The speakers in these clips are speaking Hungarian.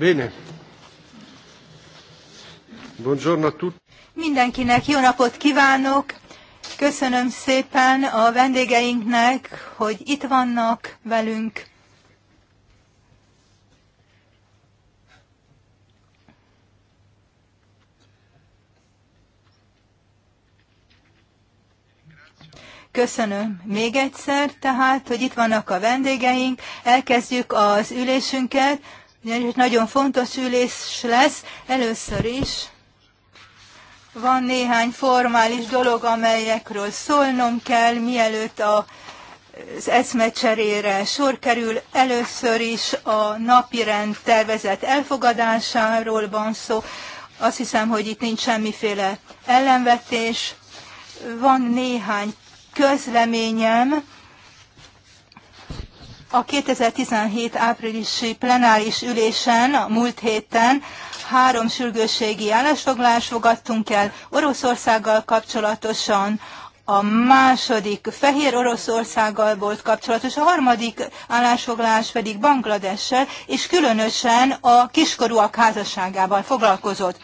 Bene. Buongiorno a tutti. Mindenkinek jó napot kívánok! Köszönöm szépen a vendégeinknek, hogy itt vannak velünk. Köszönöm még egyszer, tehát, hogy itt vannak a vendégeink. Elkezdjük az ülésünket ugyanis nagyon fontos ülés lesz. Először is van néhány formális dolog, amelyekről szólnom kell, mielőtt a az eszmecserére sor kerül. Először is a napirend tervezett elfogadásáról van szó. Azt hiszem, hogy itt nincs semmiféle ellenvetés. Van néhány közleményem, a 2017 áprilisi plenáris ülésen a múlt héten három sürgősségi állásfoglalást fogadtunk el Oroszországgal kapcsolatosan, a második Fehér Oroszországgal volt kapcsolatos, a harmadik állásfoglalás pedig Bangladessel, és különösen a kiskorúak házasságával foglalkozott.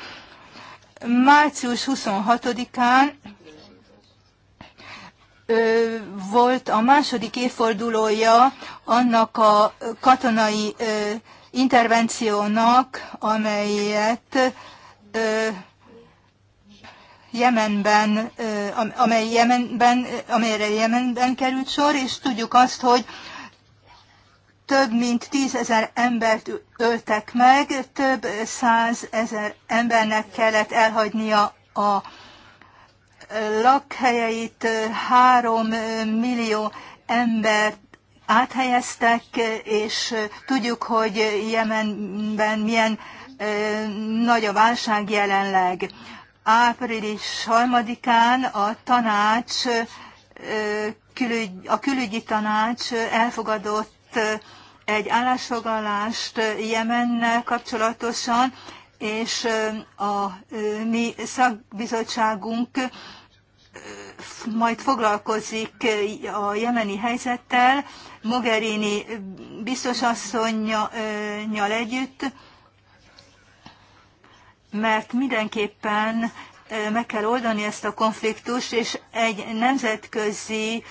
Március 26-án volt a második évfordulója annak a katonai intervenciónak, amelyet Jemenben, amely Jemenben, amelyre Jemenben került sor, és tudjuk azt, hogy több mint tízezer embert öltek meg, több százezer embernek kellett elhagynia a lakhelyeit három millió embert áthelyeztek, és tudjuk, hogy Jemenben milyen nagy a válság jelenleg. Április 20-án a tanács, a külügyi tanács elfogadott egy állásfoglalást Jemennel kapcsolatosan, és a mi szakbizottságunk majd foglalkozik eh, a jemeni helyzettel, Mogherini biztosasszonynyal eh, együtt, mert mindenképpen eh, meg kell oldani ezt a konfliktust, és egy nemzetközi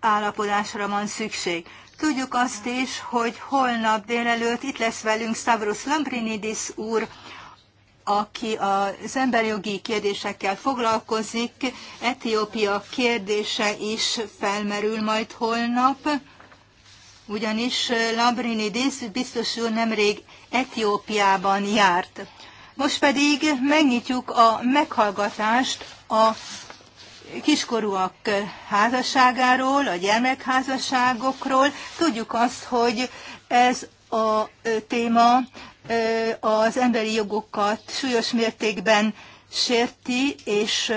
megállapodásra van szükség. Tudjuk azt is, hogy holnap délelőtt itt lesz velünk Stavros Lambrinidis úr, aki az emberjogi kérdésekkel foglalkozik. Etiópia kérdése is felmerül majd holnap, ugyanis Lambrinidis biztos úr nemrég Etiópiában járt. Most pedig megnyitjuk a meghallgatást a kiskorúak házasságáról, a gyermekházasságokról. Tudjuk azt, hogy ez a téma az emberi jogokat súlyos mértékben sérti, és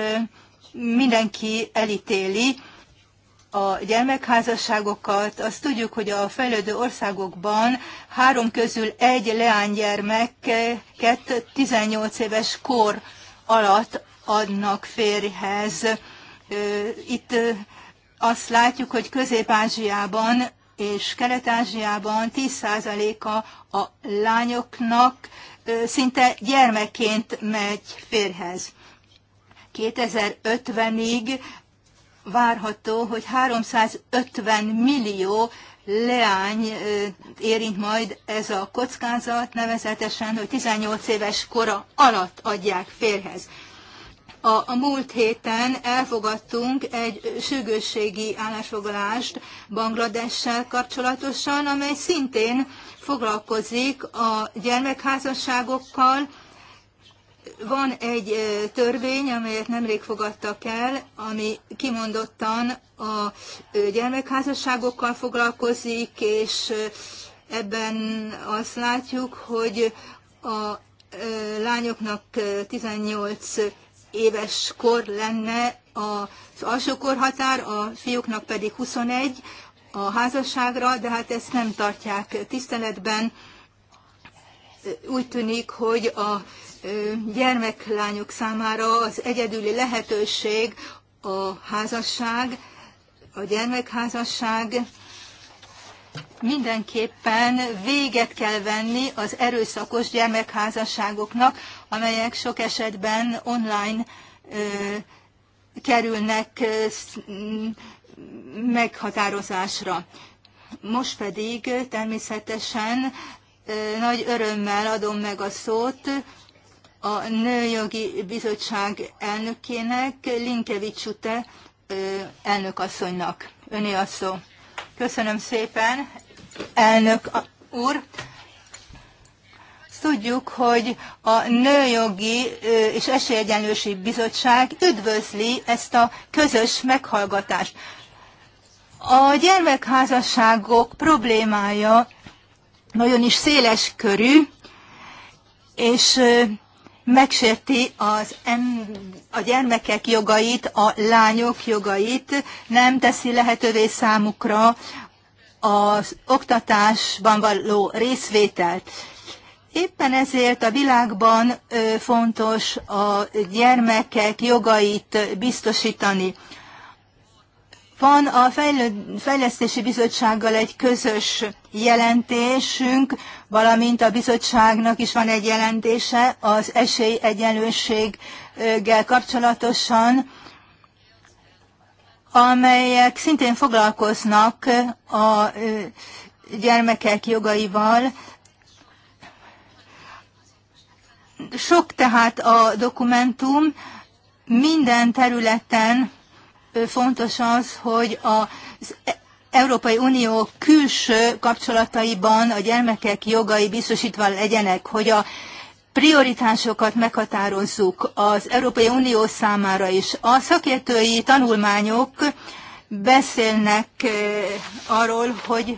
mindenki elítéli a gyermekházasságokat. Azt tudjuk, hogy a fejlődő országokban három közül egy leánygyermeket 18 éves kor alatt adnak férjhez. Itt azt látjuk, hogy Közép-Ázsiában és Kelet-Ázsiában 10%-a a lányoknak szinte gyermekként megy férhez. 2050-ig várható, hogy 350 millió leány érint majd ez a kockázat, nevezetesen, hogy 18 éves kora alatt adják férhez. A, a múlt héten elfogadtunk egy sürgősségi állásfoglalást Bangladessel kapcsolatosan, amely szintén foglalkozik a gyermekházasságokkal. Van egy törvény, amelyet nemrég fogadtak el, ami kimondottan a gyermekházasságokkal foglalkozik, és ebben azt látjuk, hogy a lányoknak 18 éves kor lenne az alsó korhatár, a fiúknak pedig 21 a házasságra, de hát ezt nem tartják tiszteletben. Úgy tűnik, hogy a gyermeklányok számára az egyedüli lehetőség a házasság, a gyermekházasság, mindenképpen véget kell venni az erőszakos gyermekházasságoknak, amelyek sok esetben online kerülnek meghatározásra. Most pedig természetesen nagy örömmel adom meg a szót a Nőjogi Bizottság elnökének, Linkevics Ute elnökasszonynak. Öné a szó. Köszönöm szépen, elnök úr! tudjuk, hogy a Nőjogi és Esélyegyenlőség Bizottság üdvözli ezt a közös meghallgatást. A gyermekházasságok problémája nagyon is széles körű, és megsérti az em, a gyermekek jogait, a lányok jogait, nem teszi lehetővé számukra az oktatásban való részvételt. Éppen ezért a világban fontos a gyermekek jogait biztosítani. Van a Fejlesztési Bizottsággal egy közös jelentésünk, valamint a bizottságnak is van egy jelentése az esélyegyenlőséggel kapcsolatosan, amelyek szintén foglalkoznak a gyermekek jogaival, Sok tehát a dokumentum, minden területen fontos az, hogy az e- Európai Unió külső kapcsolataiban a gyermekek jogai biztosítva legyenek, hogy a prioritásokat meghatározzuk az Európai Unió számára is. A szakértői tanulmányok beszélnek arról, hogy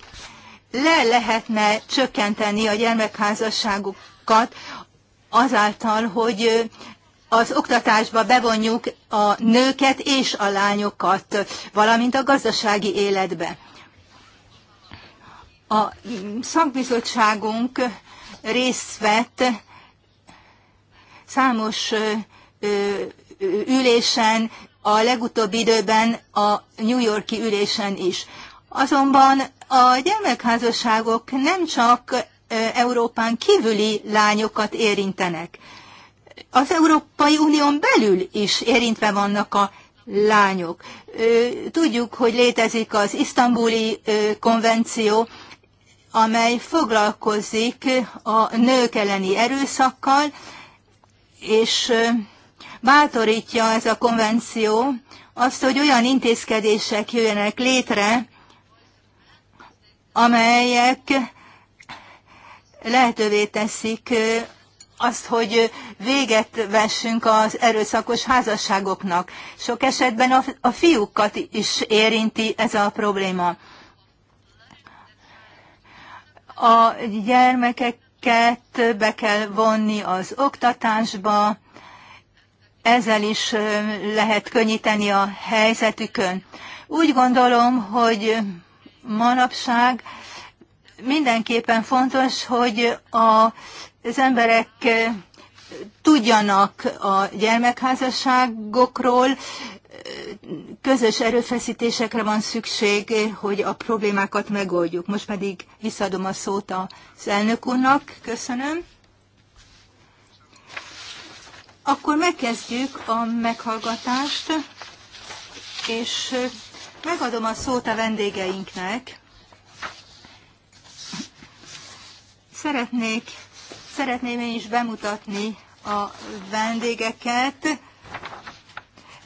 le lehetne csökkenteni a gyermekházasságokat azáltal, hogy az oktatásba bevonjuk a nőket és a lányokat, valamint a gazdasági életbe. A szakbizottságunk részt vett számos ülésen, a legutóbbi időben a New Yorki ülésen is. Azonban a gyermekházasságok nem csak Európán kívüli lányokat érintenek. Az Európai Unión belül is érintve vannak a lányok. Tudjuk, hogy létezik az isztambuli konvenció, amely foglalkozik a nők elleni erőszakkal, és bátorítja ez a konvenció azt, hogy olyan intézkedések jöjjenek létre, amelyek lehetővé teszik azt, hogy véget vessünk az erőszakos házasságoknak. Sok esetben a, a fiúkat is érinti ez a probléma. A gyermekeket be kell vonni az oktatásba, ezzel is lehet könnyíteni a helyzetükön. Úgy gondolom, hogy manapság mindenképpen fontos, hogy a, az emberek eh, tudjanak a gyermekházasságokról, közös erőfeszítésekre van szükség, hogy a problémákat megoldjuk. Most pedig visszadom a szót az elnök úrnak. Köszönöm. Akkor megkezdjük a meghallgatást, és megadom a szót a vendégeinknek. Szeretnék, szeretném én is bemutatni a vendégeket.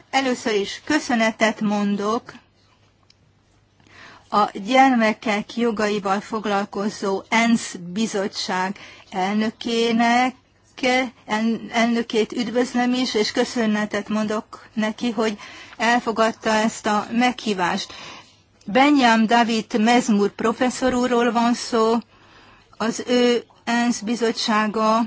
Először is köszönetet mondok a gyermekek jogaival foglalkozó ENSZ bizottság elnökének, elnökét üdvözlöm is, és köszönetet mondok neki, hogy elfogadta ezt a meghívást. Benyám David Mezmur professzor úrról van szó, az ő ENSZ bizottsága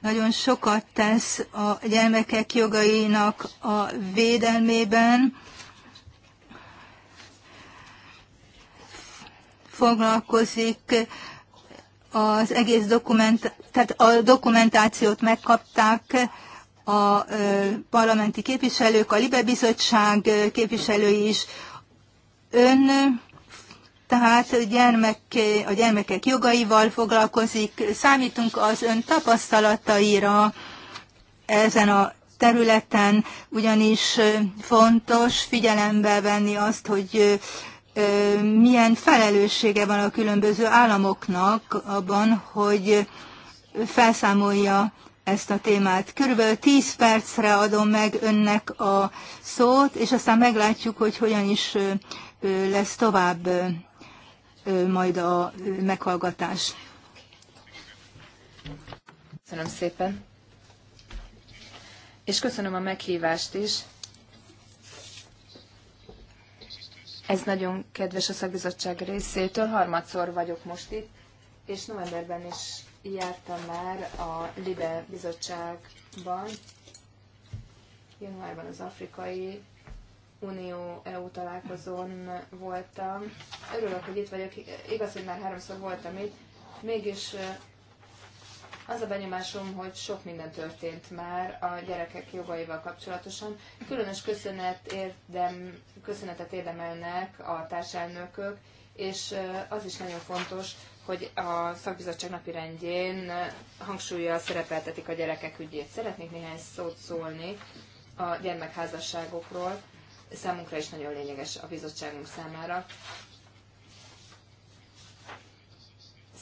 nagyon sokat tesz a gyermekek jogainak a védelmében, foglalkozik az egész dokument, tehát a dokumentációt megkapták a parlamenti képviselők, a Libe Bizottság képviselői is. Ön tehát gyermek, a gyermekek jogaival foglalkozik. Számítunk az ön tapasztalataira ezen a területen, ugyanis fontos figyelembe venni azt, hogy milyen felelőssége van a különböző államoknak abban, hogy felszámolja ezt a témát. Körülbelül 10 percre adom meg önnek a szót, és aztán meglátjuk, hogy hogyan is lesz tovább majd a meghallgatás. Köszönöm szépen. És köszönöm a meghívást is. Ez nagyon kedves a szakbizottság részétől. Harmadszor vagyok most itt, és novemberben is jártam már a Libe bizottságban. Januárban az afrikai Unió-EU találkozón voltam. Örülök, hogy itt vagyok. Igaz, hogy már háromszor voltam itt. Mégis az a benyomásom, hogy sok minden történt már a gyerekek jogaival kapcsolatosan. Különös köszönet érdem, köszönetet érdemelnek a társelnökök, és az is nagyon fontos, hogy a szakbizottság rendjén hangsúlyjal szerepeltetik a gyerekek ügyét. Szeretnék néhány szót szólni a gyermekházasságokról számunkra is nagyon lényeges a bizottságunk számára.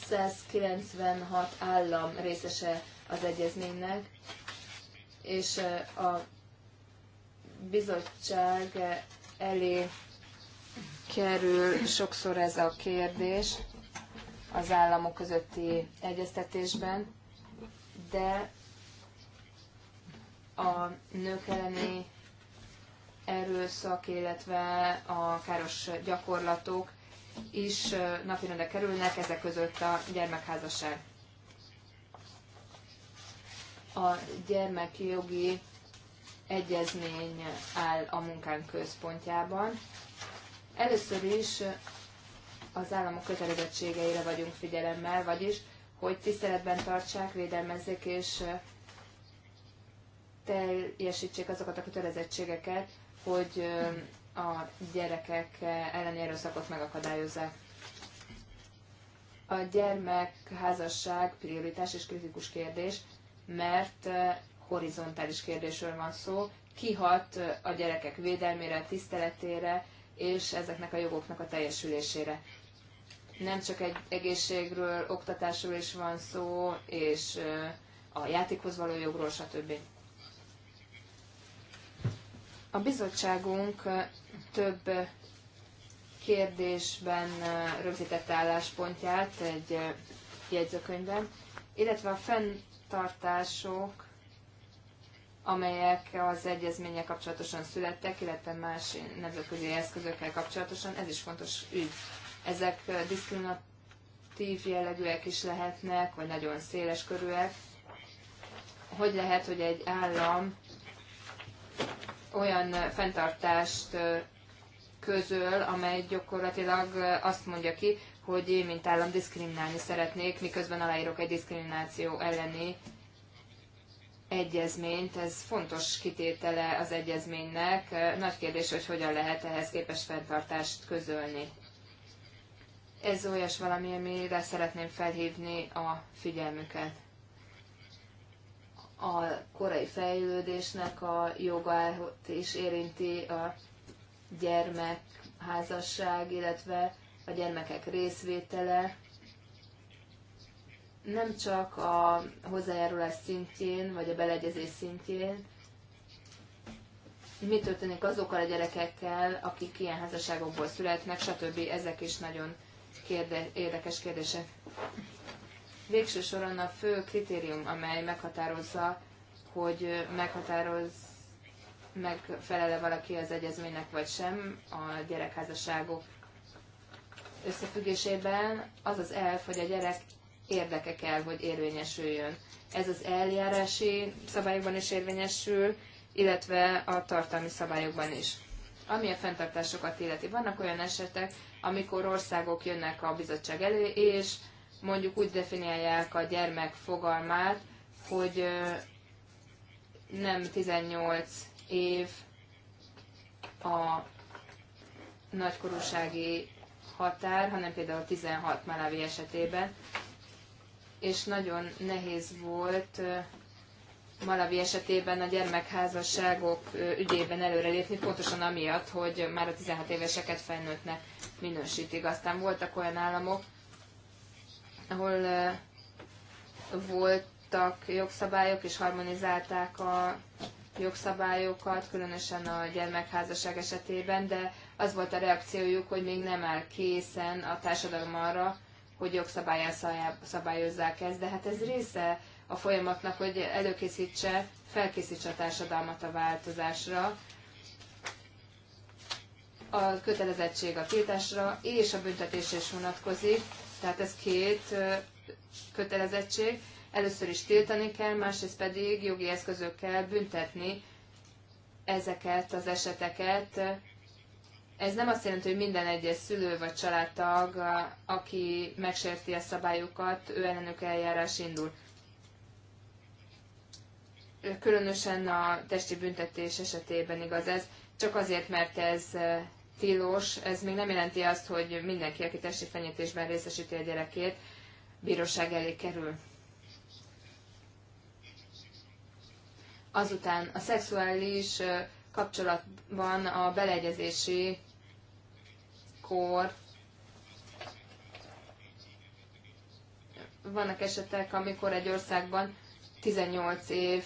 196 állam részese az egyezménynek, és eh, a bizottság elé kerül sokszor ez a kérdés az államok közötti egyeztetésben, de a nők elleni erőszak, illetve a káros gyakorlatok is napirendre kerülnek, ezek között a gyermekházasság. A gyermekjogi egyezmény áll a munkánk központjában. Először is az államok kötelezettségeire vagyunk figyelemmel, vagyis, hogy tiszteletben tartsák, védelmezzék és teljesítsék azokat a kötelezettségeket, hogy a gyerekek elleni erőszakot megakadályozzák. A gyermekházasság prioritás és kritikus kérdés, mert horizontális kérdésről van szó, kihat a gyerekek védelmére, tiszteletére és ezeknek a jogoknak a teljesülésére. Nem csak egy egészségről, oktatásról is van szó, és a játékhoz való jogról, stb. A bizottságunk több kérdésben rögzített álláspontját egy jegyzőkönyvben, illetve a fenntartások, amelyek az egyezménye kapcsolatosan születtek, illetve más nemzetközi eszközökkel kapcsolatosan, ez is fontos ügy. Ezek diszkriminatív jellegűek is lehetnek, vagy nagyon széles körűek. Hogy lehet, hogy egy állam olyan fenntartást közöl, amely gyakorlatilag azt mondja ki, hogy én, mint állam diszkriminálni szeretnék, miközben aláírok egy diszkrimináció elleni egyezményt. Ez fontos kitétele az egyezménynek. Nagy kérdés, hogy hogyan lehet ehhez képes fenntartást közölni. Ez olyas valami, amire szeretném felhívni a figyelmüket a korai fejlődésnek a jogát is érinti a gyermekházasság, illetve a gyermekek részvétele nem csak a hozzájárulás szintjén, vagy a beleegyezés szintjén, mi történik azokkal a gyerekekkel, akik ilyen házasságokból születnek, stb. Ezek is nagyon kérde- érdekes kérdések. Végső soron a fő kritérium, amely meghatározza, hogy meghatároz, megfelele valaki az egyezménynek vagy sem a gyerekházasságok összefüggésében, az az elf, hogy a gyerek érdeke kell, hogy érvényesüljön. Ez az eljárási szabályokban is érvényesül, illetve a tartalmi szabályokban is. Ami a fenntartásokat illeti, vannak olyan esetek, amikor országok jönnek a bizottság elő, és mondjuk úgy definiálják a gyermek fogalmát, hogy nem 18 év a nagykorúsági határ, hanem például 16 Malawi esetében, és nagyon nehéz volt Malawi esetében a gyermekházasságok ügyében előrelépni, pontosan amiatt, hogy már a 16 éveseket felnőttnek minősítik. Aztán voltak olyan államok, ahol voltak jogszabályok, és harmonizálták a jogszabályokat, különösen a gyermekházasság esetében, de az volt a reakciójuk, hogy még nem áll készen a társadalom arra, hogy jogszabályán szabályozzák ezt, de hát ez része a folyamatnak, hogy előkészítse, felkészítse a társadalmat a változásra, a kötelezettség a tiltásra és a büntetés is vonatkozik, tehát ez két kötelezettség. Először is tiltani kell, másrészt pedig jogi eszközökkel büntetni ezeket az eseteket. Ez nem azt jelenti, hogy minden egyes szülő vagy családtag, aki megsérti a szabályokat, ő ellenük eljárás indul különösen a testi büntetés esetében igaz ez, csak azért, mert ez tilos, ez még nem jelenti azt, hogy mindenki, aki testi fenyítésben részesíti a gyerekét, bíróság elé kerül. Azután a szexuális kapcsolatban a beleegyezési kor vannak esetek, amikor egy országban 18 év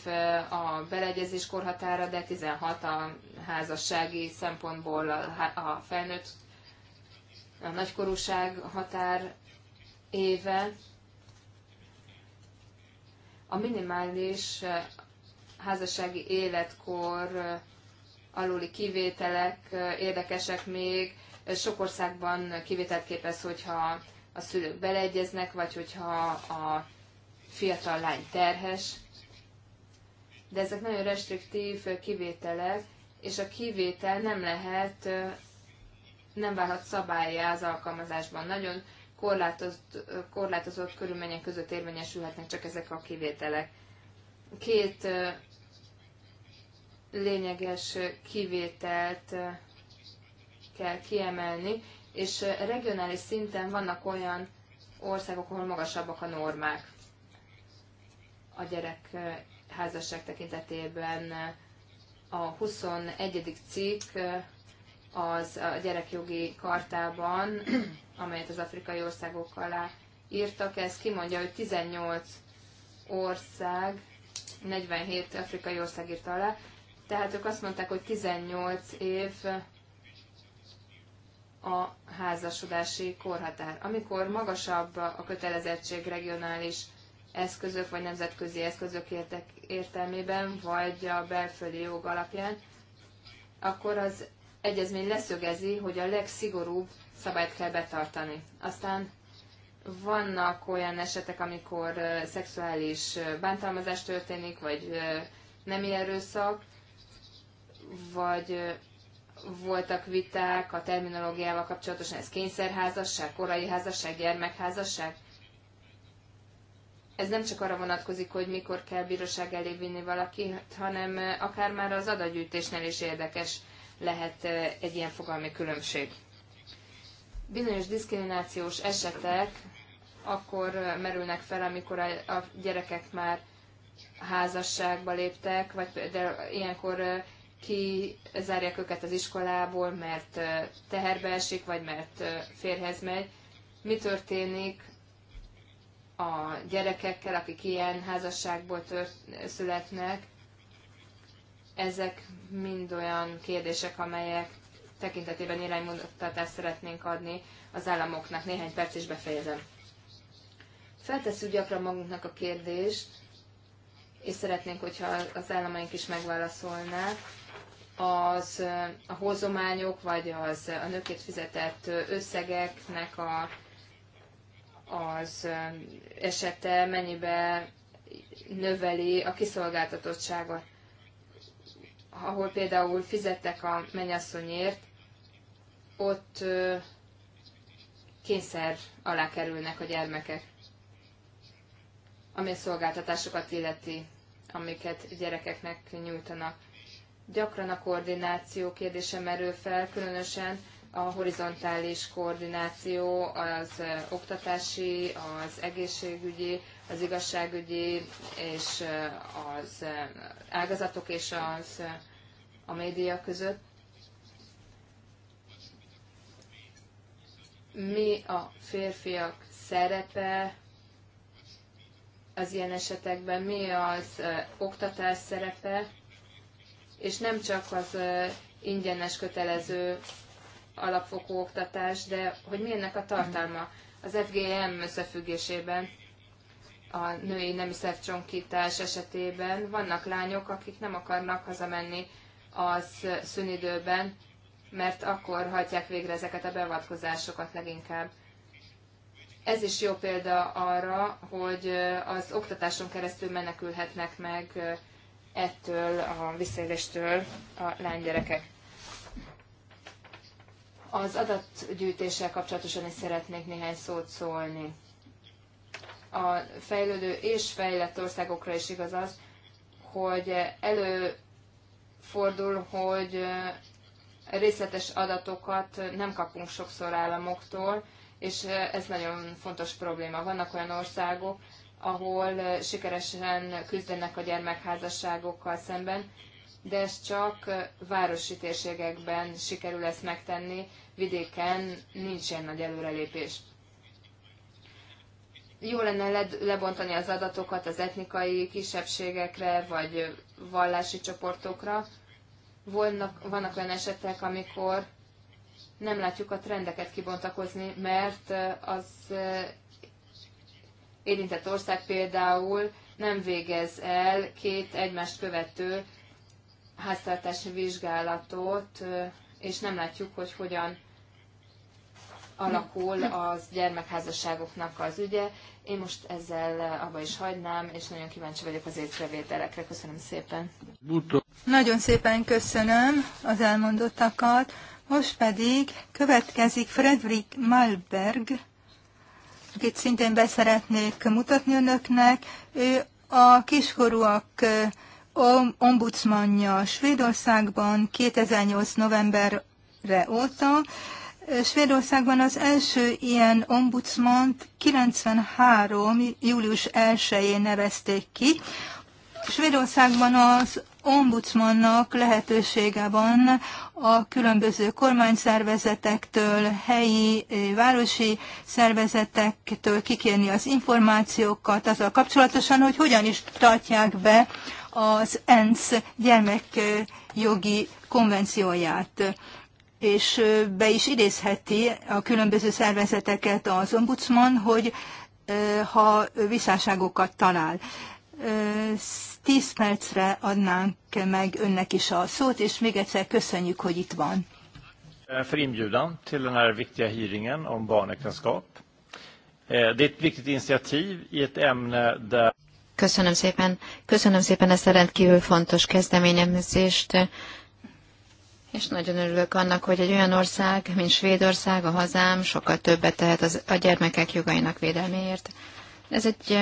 a beleegyezés korhatára, de 16 a házassági szempontból a felnőtt, a nagykorúság határ éve. A minimális házassági életkor aluli kivételek érdekesek még. Sok országban kivételt képez, hogyha a szülők beleegyeznek, vagy hogyha a fiatal lány terhes, de ezek nagyon restriktív kivételek, és a kivétel nem lehet, nem válhat szabályá az alkalmazásban. Nagyon korlátozott, korlátozott körülmények között érvényesülhetnek csak ezek a kivételek. Két lényeges kivételt kell kiemelni, és regionális szinten vannak olyan országok, ahol magasabbak a normák a gyerek házasság tekintetében a 21. cikk az a gyerekjogi kartában, amelyet az afrikai országok alá írtak, ez kimondja, hogy 18 ország, 47 afrikai ország írta alá, tehát ők azt mondták, hogy 18 év a házasodási korhatár. Amikor magasabb a kötelezettség regionális eszközök vagy nemzetközi eszközök értelmében, vagy a belföldi jog alapján, akkor az egyezmény leszögezi, hogy a legszigorúbb szabályt kell betartani. Aztán vannak olyan esetek, amikor szexuális bántalmazás történik, vagy nem ilyen erőszak, vagy voltak viták a terminológiával kapcsolatosan, ez kényszerházasság, korai házasság, gyermekházasság ez nem csak arra vonatkozik, hogy mikor kell bíróság elé vinni valaki, hanem eh, akár már az adagyűjtésnél is érdekes lehet eh, egy ilyen fogalmi különbség. Bizonyos diszkriminációs esetek akkor eh, merülnek fel, amikor a gyerekek már házasságba léptek, vagy de ilyenkor kizárják őket az iskolából, mert teherbe esik, vagy mert férhez megy. Mi történik a gyerekekkel, akik ilyen házasságból tört, születnek, ezek mind olyan kérdések, amelyek tekintetében iránymutatást szeretnénk adni az államoknak. Néhány perc is befejezem. Feltesszük gyakran magunknak a kérdést, és szeretnénk, hogyha az államaink is megválaszolnák, az a hozományok, vagy az a nőkét fizetett összegeknek a az um, esete mennyibe növeli a kiszolgáltatottságot. Ahol például fizettek a mennyasszonyért, ott kényszer alá kerülnek a gyermekek, ami a szolgáltatásokat illeti, amiket gyerekeknek nyújtanak. Gyakran a koordináció kérdése merül fel, különösen a horizontális koordináció az oktatási, az egészségügyi, az igazságügyi és az ágazatok és az a média között. Mi a férfiak szerepe az ilyen esetekben, mi az oktatás szerepe, és nem csak az ingyenes kötelező alapfokú oktatás, de hogy mi ennek a tartalma? Az FGM összefüggésében a női nemi szervcsonkítás esetében vannak lányok, akik nem akarnak hazamenni az szünidőben, mert akkor hajtják végre ezeket a beavatkozásokat leginkább. Ez is jó példa arra, hogy az oktatáson keresztül menekülhetnek meg ettől a visszaéléstől a lánygyerekek. Az adatgyűjtéssel kapcsolatosan is szeretnék néhány szót szólni. A fejlődő és fejlett országokra is igaz az, hogy előfordul, hogy eh, részletes adatokat nem kapunk sokszor államoktól, és eh, ez nagyon fontos probléma. Vannak olyan országok, ahol eh, sikeresen küzdenek a gyermekházasságokkal szemben, de ez csak városi térségekben sikerül ezt megtenni, vidéken nincs ilyen nagy előrelépés. Jó lenne lebontani az adatokat az etnikai kisebbségekre, vagy vallási csoportokra. Vannak, vannak olyan esetek, amikor nem látjuk a trendeket kibontakozni, mert az érintett ország például nem végez el két egymást követő háztartási vizsgálatot, és nem látjuk, hogy hogyan alakul az gyermekházasságoknak az ügye. Én most ezzel abba is hagynám, és nagyon kíváncsi vagyok az észrevételekre. Köszönöm szépen. Nagyon szépen köszönöm az elmondottakat. Most pedig következik Fredrik Malberg, akit szintén beszeretnék mutatni önöknek. Ő a kiskorúak ombudsmanja Svédországban 2008. novemberre óta. Svédországban az első ilyen ombudsmant 93. július 1-én nevezték ki. Svédországban az ombudsmannak lehetősége van a különböző kormányszervezetektől, helyi, városi szervezetektől kikérni az információkat azzal kapcsolatosan, hogy hogyan is tartják be az ENSZ gyermekjogi konvencióját és be is idézheti a különböző szervezeteket az ombudsman, hogy ha visszáságokat talál. Tíz percre adnánk meg önnek is a szót, és még egyszer köszönjük, hogy itt van. Eh, för inbjudan till den här viktiga hearingen om barnäktenskap. Eh, det är ett viktigt initiativ i ett ämne där Köszönöm szépen. Köszönöm szépen ezt a rendkívül fontos kezdeményezést. És nagyon örülök annak, hogy egy olyan ország, mint Svédország, a hazám, sokkal többet tehet az, a gyermekek jogainak védelméért. Ez egy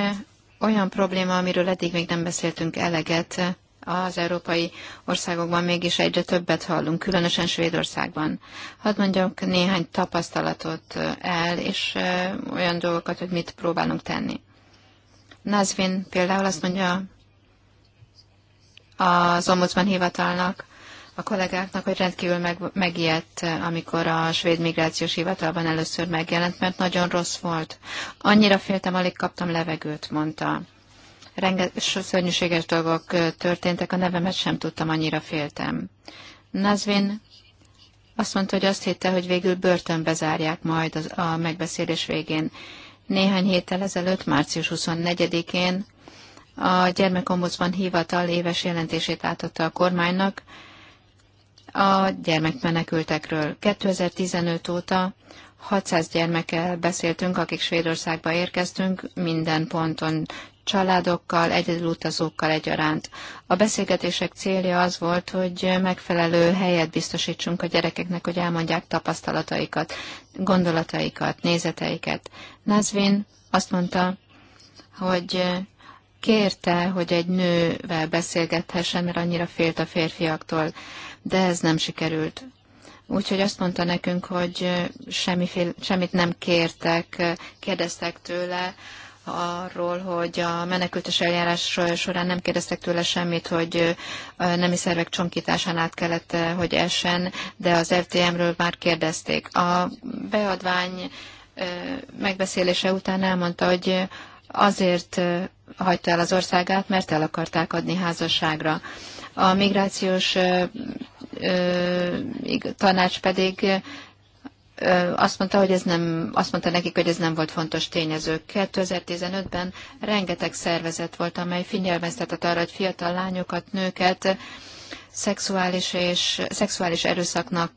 olyan probléma, amiről eddig még nem beszéltünk eleget. Az európai országokban mégis egyre többet hallunk, különösen Svédországban. Hadd mondjak néhány tapasztalatot el, és olyan dolgokat, hogy mit próbálunk tenni. Nazvin például azt mondja az ombudsman hivatalnak, a kollégáknak, hogy rendkívül meg, megijedt, amikor a svéd migrációs hivatalban először megjelent, mert nagyon rossz volt. Annyira féltem, alig kaptam levegőt, mondta. Renge, szörnyűséges dolgok történtek, a nevemet sem tudtam, annyira féltem. Nazvin azt mondta, hogy azt hitte, hogy végül börtönbe zárják majd az, a megbeszélés végén. Néhány héttel ezelőtt, március 24-én a Gyermekombudsman hivatal éves jelentését átadta a kormánynak a gyermekmenekültekről. 2015 óta 600 gyermekkel beszéltünk, akik Svédországba érkeztünk, minden ponton családokkal, egyedülutazókkal egyaránt. A beszélgetések célja az volt, hogy megfelelő helyet biztosítsunk a gyerekeknek, hogy elmondják tapasztalataikat, gondolataikat, nézeteiket. Nazvin azt mondta, hogy eh, kérte, hogy egy nővel beszélgethessen, mert annyira félt a férfiaktól, de ez nem sikerült. Úgyhogy azt mondta nekünk, hogy eh, semmifél, semmit nem kértek, eh, kérdeztek tőle arról, hogy a menekültes eljárás során nem kérdeztek tőle semmit, hogy nemi szervek csonkításán át kellett, hogy essen, de az FTM-ről már kérdezték. A beadvány megbeszélése után elmondta, hogy azért hagyta el az országát, mert el akarták adni házasságra. A migrációs tanács pedig azt mondta, hogy ez nem, azt mondta nekik, hogy ez nem volt fontos tényező. 2015-ben rengeteg szervezet volt, amely figyelmeztetett arra, hogy fiatal lányokat, nőket szexuális és szexuális erőszaknak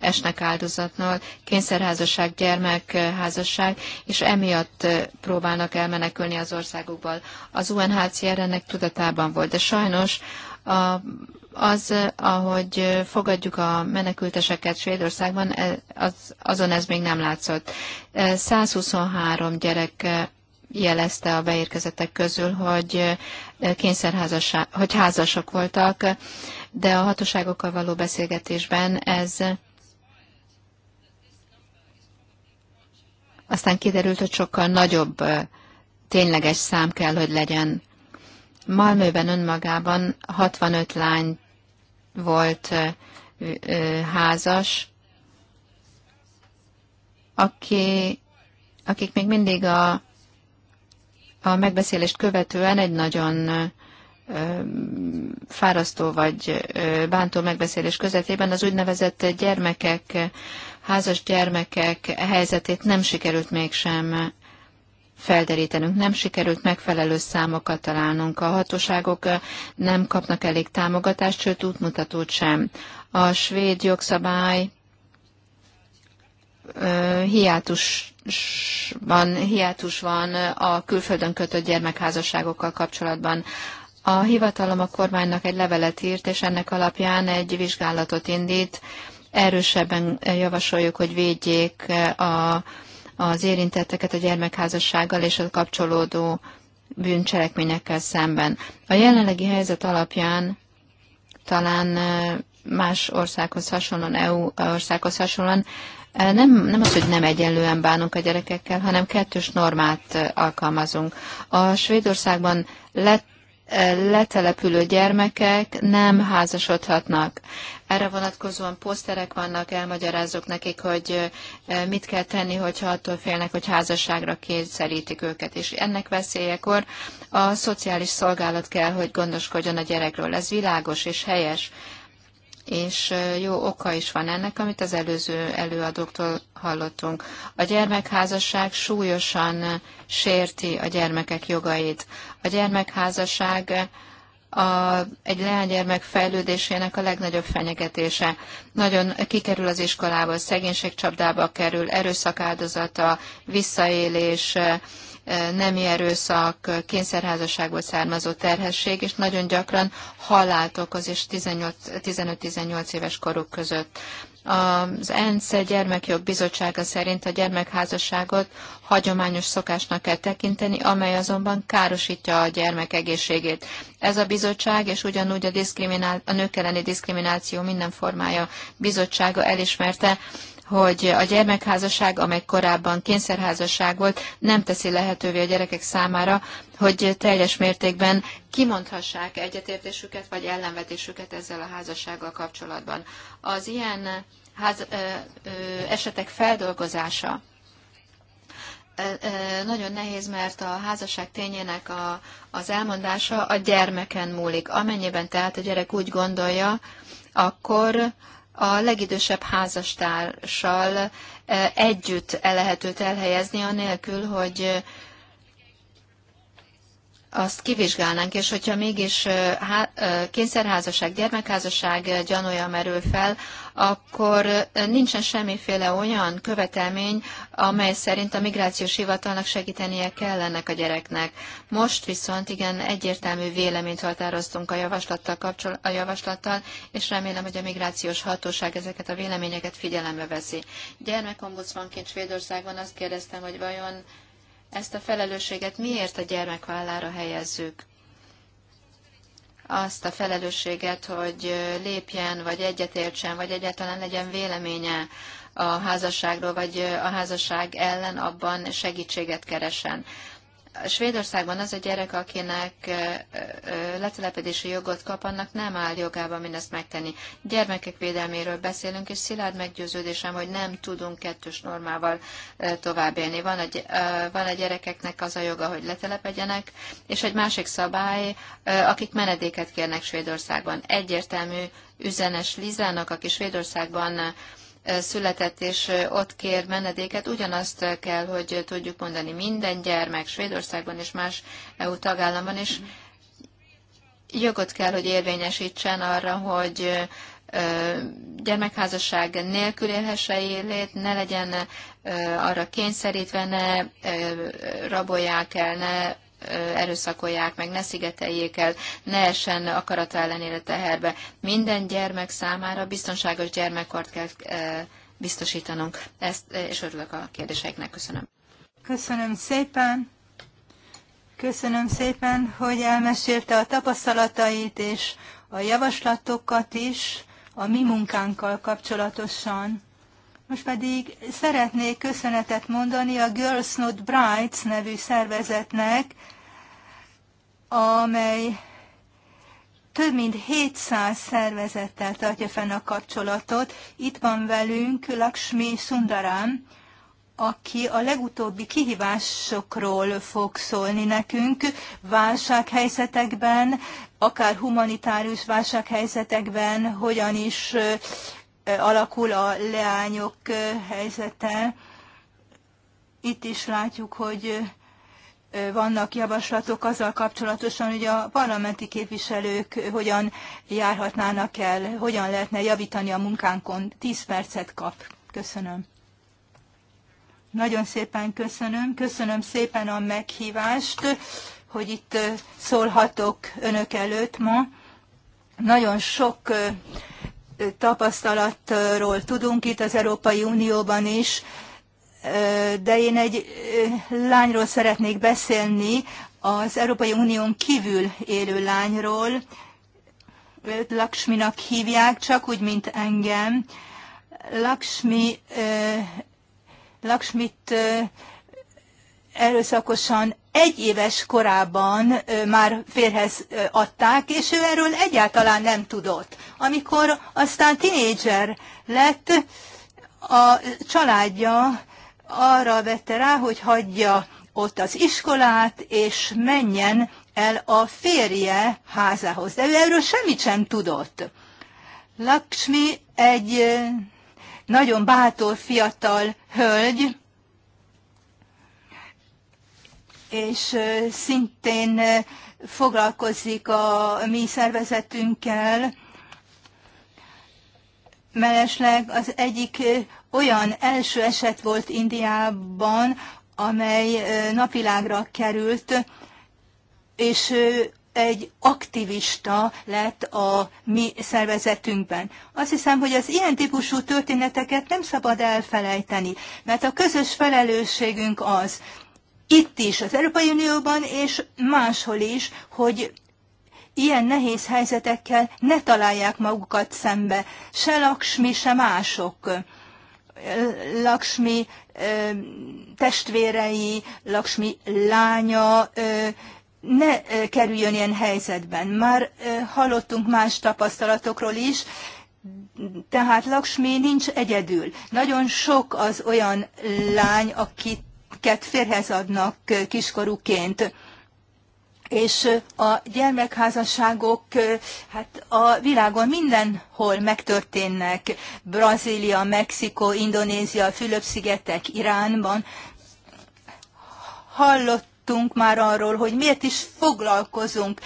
esnek áldozatnak, kényszerházasság, gyermekházasság, és emiatt próbálnak elmenekülni az országukból. Az UNHCR ennek tudatában volt, de sajnos a, az, ahogy fogadjuk a menekülteseket Svédországban, e, az, azon ez még nem látszott. 123 gyerek jelezte a beérkezettek közül, hogy kényszerházasság, hogy házasok voltak de a hatóságokkal való beszélgetésben ez aztán kiderült, hogy sokkal nagyobb tényleges szám kell, hogy legyen. Malmőben önmagában 65 lány volt házas, aki, akik még mindig a, a megbeszélést követően egy nagyon fárasztó vagy bántó megbeszélés közvetében az úgynevezett gyermekek, házas gyermekek helyzetét nem sikerült mégsem felderítenünk. Nem sikerült megfelelő számokat találnunk. A hatóságok nem kapnak elég támogatást, sőt útmutatót sem. A svéd jogszabály hiátusban, hiátus van a külföldön kötött gyermekházasságokkal kapcsolatban. A hivatalom a kormánynak egy levelet írt, és ennek alapján egy vizsgálatot indít. Erősebben javasoljuk, hogy védjék a, az érintetteket a gyermekházassággal és a kapcsolódó bűncselekményekkel szemben. A jelenlegi helyzet alapján talán más országhoz hasonlóan, EU országhoz hasonlóan nem, nem az, hogy nem egyenlően bánunk a gyerekekkel, hanem kettős normát alkalmazunk. A Svédországban lett letelepülő gyermekek nem házasodhatnak. Erre vonatkozóan poszterek vannak, elmagyarázok nekik, hogy eh, mit kell tenni, hogyha attól félnek, hogy házasságra kényszerítik őket. És ennek veszélyekor a szociális szolgálat kell, hogy gondoskodjon a gyerekről. Ez világos és helyes. És eh, jó oka is van ennek, amit az előző előadóktól hallottunk. A gyermekházasság súlyosan eh, sérti a gyermekek jogait. A gyermekházasság a, egy leánygyermek fejlődésének a legnagyobb fenyegetése. Nagyon kikerül az iskolából, csapdába kerül, erőszak áldozata, visszaélés, nemi erőszak, kényszerházasságból származó terhesség, és nagyon gyakran halált okoz, és 15-18 éves koruk között. Az ENSZ Gyermekjog Bizottsága szerint a gyermekházasságot hagyományos szokásnak kell tekinteni, amely azonban károsítja a gyermek egészségét. Ez a bizottság, és ugyanúgy a, a nők elleni diszkrimináció minden formája bizottsága elismerte, hogy a gyermekházasság, amely korábban kényszerházasság volt, nem teszi lehetővé a gyerekek számára, hogy teljes mértékben kimondhassák egyetértésüket vagy ellenvetésüket ezzel a házassággal kapcsolatban. Az ilyen ház, ö, ö, esetek feldolgozása nagyon nehéz, mert a házasság tényének a, az elmondása a gyermeken múlik. Amennyiben tehát a gyerek úgy gondolja, akkor a legidősebb házastársal eh, együtt el lehet őt elhelyezni, anélkül, hogy eh, azt kivizsgálnánk, és hogyha mégis eh, kényszerházasság, gyermekházasság gyanúja merül fel, akkor nincsen semmiféle olyan követelmény, amely szerint a migrációs hivatalnak segítenie kell ennek a gyereknek. Most viszont igen egyértelmű véleményt határoztunk a javaslattal, kapcsol- a javaslattal, és remélem, hogy a migrációs hatóság ezeket a véleményeket figyelembe veszi. Gyermekombudsmanként Svédországban azt kérdeztem, hogy vajon ezt a felelősséget miért a gyermek vállára helyezzük? azt a felelősséget, hogy lépjen, vagy egyetértsen, vagy egyáltalán legyen véleménye a házasságról, vagy a házasság ellen abban segítséget keresen. Svédországban az a gyerek, akinek letelepedési jogot kap, annak nem áll jogában mindezt megtenni. Gyermekek védelméről beszélünk, és szilárd meggyőződésem, hogy nem tudunk kettős normával tovább élni. Van a, van a gyerekeknek az a joga, hogy letelepedjenek, és egy másik szabály, akik menedéket kérnek Svédországban. Egyértelmű üzenes Lizának, aki Svédországban született és ott kér menedéket, ugyanazt kell, hogy tudjuk mondani minden gyermek Svédországban és más EU tagállamban, és jogot kell, hogy érvényesítsen arra, hogy gyermekházasság nélkül élhesse élét, ne legyen arra kényszerítve, ne rabolják el, ne erőszakolják meg, ne szigeteljék el, ne essen akarata ellenére teherbe. Minden gyermek számára biztonságos gyermekkort kell biztosítanunk. Ezt, és örülök a kérdéseiknek. Köszönöm. Köszönöm szépen. Köszönöm szépen, hogy elmesélte a tapasztalatait és a javaslatokat is a mi munkánkkal kapcsolatosan. Most pedig szeretnék köszönetet mondani a Girls Not Brides nevű szervezetnek, amely több mint 700 szervezettel tartja fenn a kapcsolatot. Itt van velünk Lakshmi Sundaram, aki a legutóbbi kihívásokról fog szólni nekünk válsághelyzetekben, akár humanitárius válsághelyzetekben, hogyan is alakul a leányok helyzete. Itt is látjuk, hogy vannak javaslatok azzal kapcsolatosan, hogy a parlamenti képviselők hogyan járhatnának el, hogyan lehetne javítani a munkánkon. Tíz percet kap. Köszönöm. Nagyon szépen köszönöm. Köszönöm szépen a meghívást, hogy itt szólhatok önök előtt ma. Nagyon sok tapasztalatról tudunk itt az Európai Unióban is, de én egy lányról szeretnék beszélni, az Európai Unión kívül élő lányról. Őt Laksminak hívják, csak úgy, mint engem. Laksmi, Laksmit erőszakosan egy éves korában már férhez adták, és ő erről egyáltalán nem tudott. Amikor aztán tinédzser lett, a családja arra vette rá, hogy hagyja ott az iskolát, és menjen el a férje házához. De ő erről semmit sem tudott. Lakshmi egy nagyon bátor fiatal hölgy, és szintén foglalkozik a mi szervezetünkkel. Mellesleg az egyik olyan első eset volt Indiában, amely napilágra került, és egy aktivista lett a mi szervezetünkben. Azt hiszem, hogy az ilyen típusú történeteket nem szabad elfelejteni, mert a közös felelősségünk az, itt is, az Európai Unióban és máshol is, hogy ilyen nehéz helyzetekkel ne találják magukat szembe, se Laksmi, se mások. Laksmi testvérei, Laksmi lánya ne kerüljön ilyen helyzetben. Már hallottunk más tapasztalatokról is, tehát Laksmi nincs egyedül. Nagyon sok az olyan lány, akiket férhez adnak kiskorúként és a gyermekházasságok hát a világon mindenhol megtörténnek, Brazília, Mexikó, Indonézia, Fülöp-szigetek, Iránban. Hallott már arról, hogy miért is foglalkozunk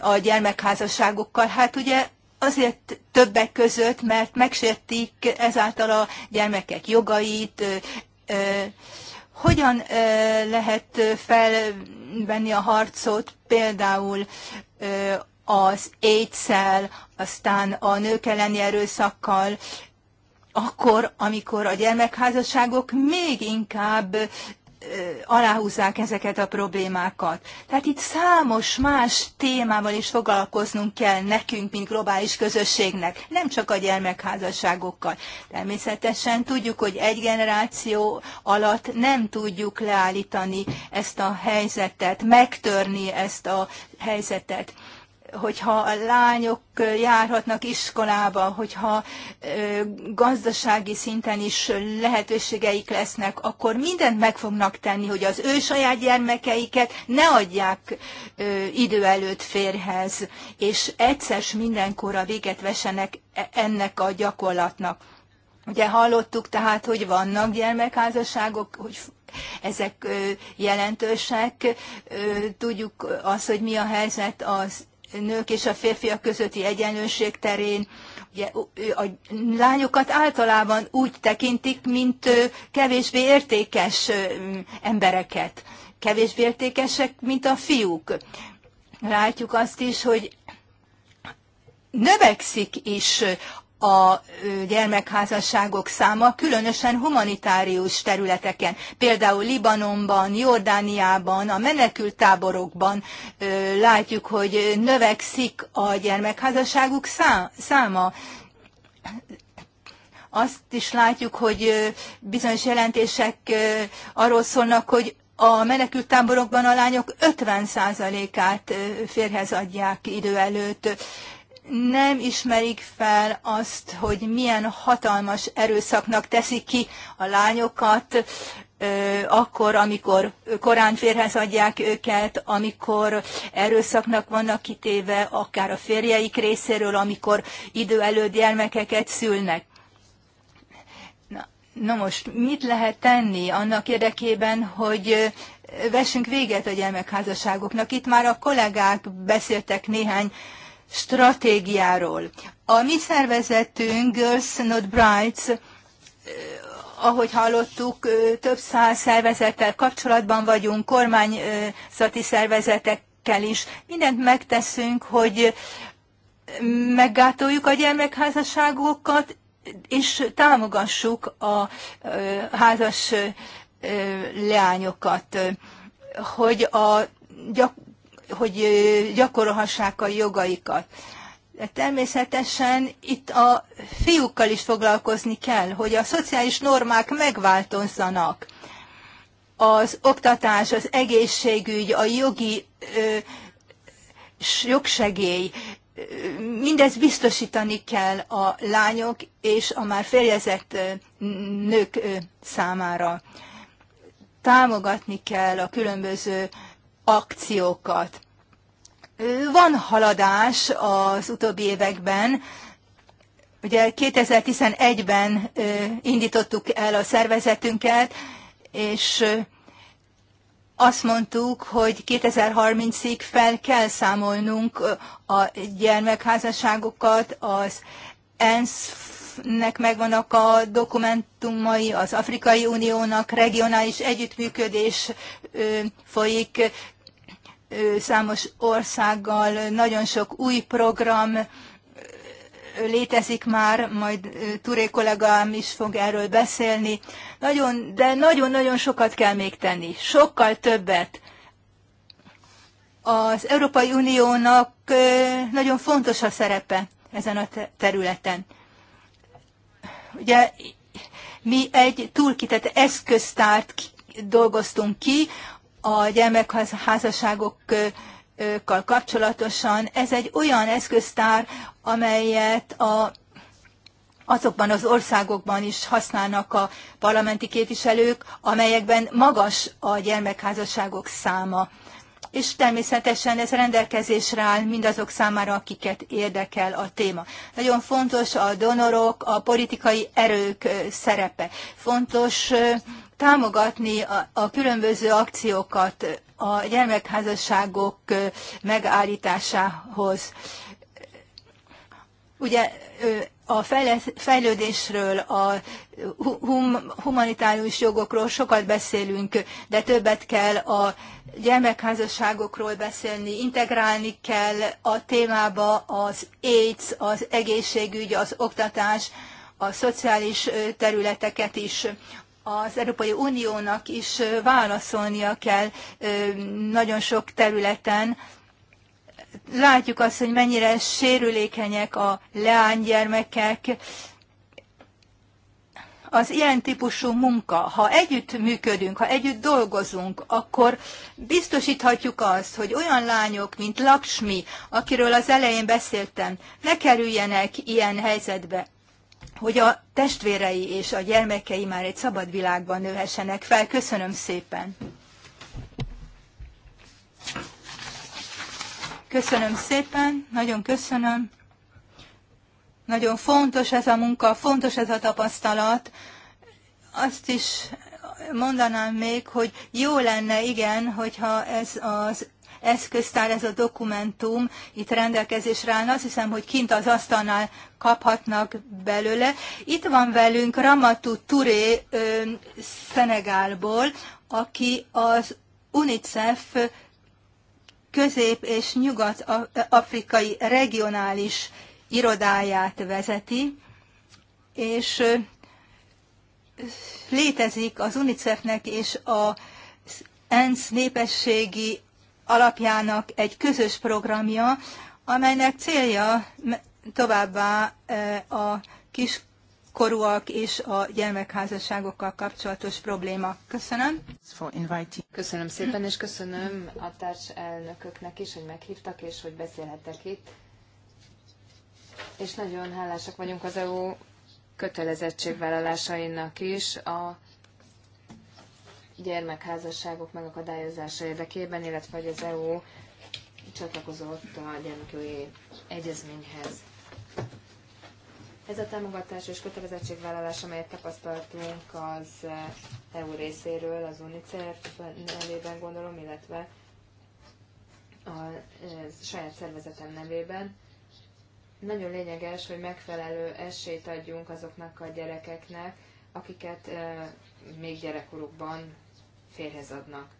a gyermekházasságokkal. Hát ugye azért többek között, mert megsértik ezáltal a gyermekek jogait, hogyan lehet felvenni a harcot például az aids aztán a nők elleni erőszakkal, akkor, amikor a gyermekházasságok még inkább aláhúzzák ezeket a problémákat. Tehát itt számos más témával is foglalkoznunk kell nekünk, mint globális közösségnek, nem csak a gyermekházasságokkal. Természetesen tudjuk, hogy egy generáció alatt nem tudjuk leállítani ezt a helyzetet, megtörni ezt a helyzetet hogyha a lányok járhatnak iskolába, hogyha gazdasági szinten is lehetőségeik lesznek, akkor mindent meg fognak tenni, hogy az ő saját gyermekeiket ne adják idő előtt férhez, és egyszer mindenkor a véget vesenek e-, ennek a gyakorlatnak. Ugye hallottuk tehát, hogy vannak gyermekházasságok, hogy ezek jelentősek. Tudjuk azt, hogy mi a helyzet az nők és a férfiak közötti egyenlőség terén. Ugye, a lányokat általában úgy tekintik, mint kevésbé értékes embereket, kevésbé értékesek, mint a fiúk. Látjuk azt is, hogy növekszik is a gyermekházasságok száma, különösen humanitárius területeken, például Libanonban, Jordániában, a menekültáborokban látjuk, hogy növekszik a gyermekházasságok száma. Azt is látjuk, hogy bizonyos jelentések arról szólnak, hogy a menekültáborokban a lányok 50%-át férhez adják idő előtt nem ismerik fel azt, hogy milyen hatalmas erőszaknak teszik ki a lányokat, akkor, amikor korán férhez adják őket, amikor erőszaknak vannak kitéve, akár a férjeik részéről, amikor idő előtt gyermekeket szülnek. Na, na most, mit lehet tenni annak érdekében, hogy vessünk véget a gyermekházasságoknak? Itt már a kollégák beszéltek néhány stratégiáról. A mi szervezetünk, Girls Not Brides, eh, ahogy hallottuk, eh, több száz szervezettel kapcsolatban vagyunk, kormányzati szervezetekkel is. Mindent megteszünk, hogy meggátoljuk a gyermekházasságokat, és támogassuk a eh, házas leányokat, hogy a hogy gyakorolhassák a jogaikat. De természetesen itt a fiúkkal is foglalkozni kell, hogy a szociális normák megváltozzanak. Az oktatás, az egészségügy, a jogi ö, jogsegély, mindezt biztosítani kell a lányok és a már férjezett nők számára. Támogatni kell a különböző akciókat. Van haladás az utóbbi években, Ugye 2011-ben indítottuk el a szervezetünket, és azt mondtuk, hogy 2030-ig fel kell számolnunk a gyermekházasságokat, az ENSZ-nek megvannak a dokumentumai, az Afrikai Uniónak regionális együttműködés folyik, számos országgal, nagyon sok új program létezik már, majd Turé kollégám is fog erről beszélni. Nagyon, de nagyon-nagyon sokat kell még tenni, sokkal többet. Az Európai Uniónak nagyon fontos a szerepe ezen a területen. Ugye mi egy túlkitett eszköztárt dolgoztunk ki, a gyermekházasságokkal kapcsolatosan. Ez egy olyan eszköztár, amelyet a azokban az országokban is használnak a parlamenti képviselők, amelyekben magas a gyermekházasságok száma. És természetesen ez rendelkezésre áll mindazok számára, akiket érdekel a téma. Nagyon fontos a donorok, a politikai erők szerepe. Fontos támogatni a, a különböző akciókat a gyermekházasságok megállításához. Ugye a fejlődésről, a hum, humanitárius jogokról sokat beszélünk, de többet kell a gyermekházasságokról beszélni, integrálni kell a témába az AIDS, az egészségügy, az oktatás, a szociális területeket is az Európai Uniónak is válaszolnia kell nagyon sok területen. Látjuk azt, hogy mennyire sérülékenyek a leánygyermekek. Az ilyen típusú munka, ha együtt működünk, ha együtt dolgozunk, akkor biztosíthatjuk azt, hogy olyan lányok, mint Lakshmi, akiről az elején beszéltem, ne kerüljenek ilyen helyzetbe hogy a testvérei és a gyermekei már egy szabad világban nőhessenek fel. Köszönöm szépen! Köszönöm szépen, nagyon köszönöm. Nagyon fontos ez a munka, fontos ez a tapasztalat. Azt is mondanám még, hogy jó lenne, igen, hogyha ez az eszköztár, ez a dokumentum itt rendelkezésre állna. Azt hiszem, hogy kint az asztalnál kaphatnak belőle. Itt van velünk Ramatu Touré Szenegálból, aki az UNICEF közép- és nyugat-afrikai regionális irodáját vezeti, és létezik az UNICEF-nek és a ENSZ népességi alapjának egy közös programja, amelynek célja továbbá e, a kiskorúak és a gyermekházasságokkal kapcsolatos probléma. Köszönöm. Köszönöm szépen, és köszönöm a társelnököknek is, hogy meghívtak, és hogy beszélhettek itt. És nagyon hálásak vagyunk az EU kötelezettségvállalásainak is a gyermekházasságok megakadályozása érdekében, illetve hogy az EU csatlakozott a gyermekjogi egyezményhez. Ez a támogatás és kötelezettségvállalás, amelyet tapasztaltunk az EU részéről, az UNICEF nevében gondolom, illetve a saját szervezetem nevében. Nagyon lényeges, hogy megfelelő esélyt adjunk azoknak a gyerekeknek, akiket e, még gyerekkorukban férhez adnak.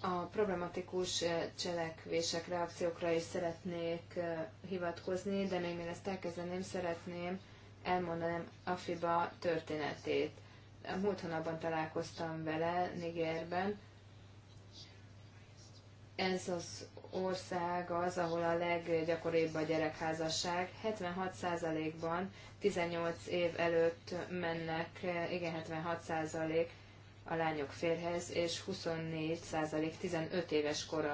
A problematikus eh, cselekvések, reakciókra is szeretnék eh, hivatkozni, de még mielőtt elkezdeném, szeretném elmondanám Afiba történetét. Múlt hónapban találkoztam vele Nigerben, ez az ország az, ahol a leggyakoribb a gyerekházasság. 76%-ban 18 év előtt mennek, igen, 76% a lányok férhez, és 24% 15 éves kor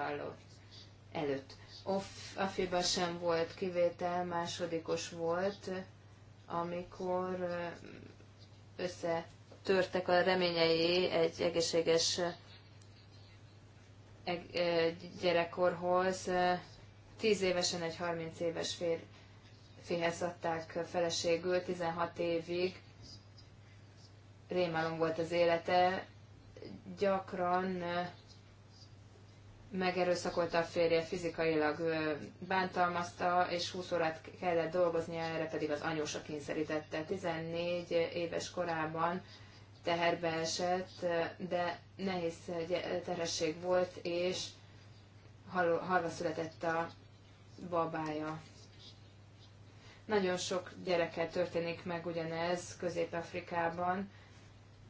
előtt. Afiba sem volt kivétel, másodikos volt, amikor összetörtek a reményei egy egészséges gyerekkorhoz. Tíz évesen egy 30 éves fér, férhez adták feleségül, 16 évig. Rémálom volt az élete. Gyakran megerőszakolta a férje, fizikailag bántalmazta, és 20 órát kellett dolgoznia, erre pedig az anyósa kényszerítette. 14 éves korában teherbe esett, de nehéz terhesség volt, és halva született a babája. Nagyon sok gyerekkel történik meg ugyanez Közép-Afrikában.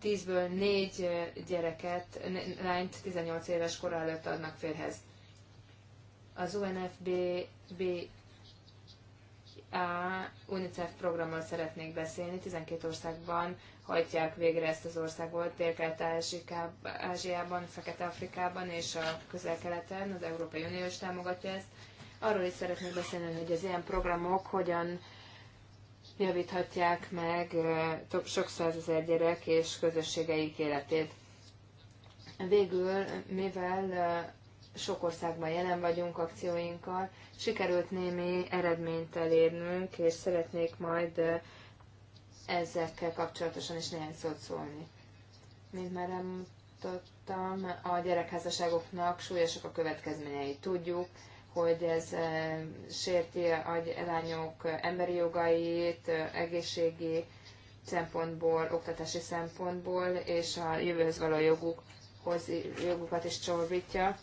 Tízből négy gyereket, lányt 18 éves kor előtt adnak férhez. Az UNFB UNICEF programról szeretnék beszélni. 12 országban hajtják végre ezt az országot, Dél-Kelet-Ázsiában, Fekete-Afrikában és a közel-keleten, az Európai Unió is támogatja ezt. Arról is szeretnék beszélni, hogy az ilyen programok hogyan javíthatják meg sok százezer gyerek és közösségeik életét. Végül, mivel sok országban jelen vagyunk akcióinkkal. Sikerült némi eredményt elérnünk, és szeretnék majd ezekkel kapcsolatosan is néhány szót szólni. Mint már említettem, a gyerekházasságoknak súlyosak a következményei. Tudjuk, hogy ez sérti a lányok emberi jogait, egészségi szempontból, oktatási szempontból, és a jövőhöz való joguk hoz, jogukat is csorbítja.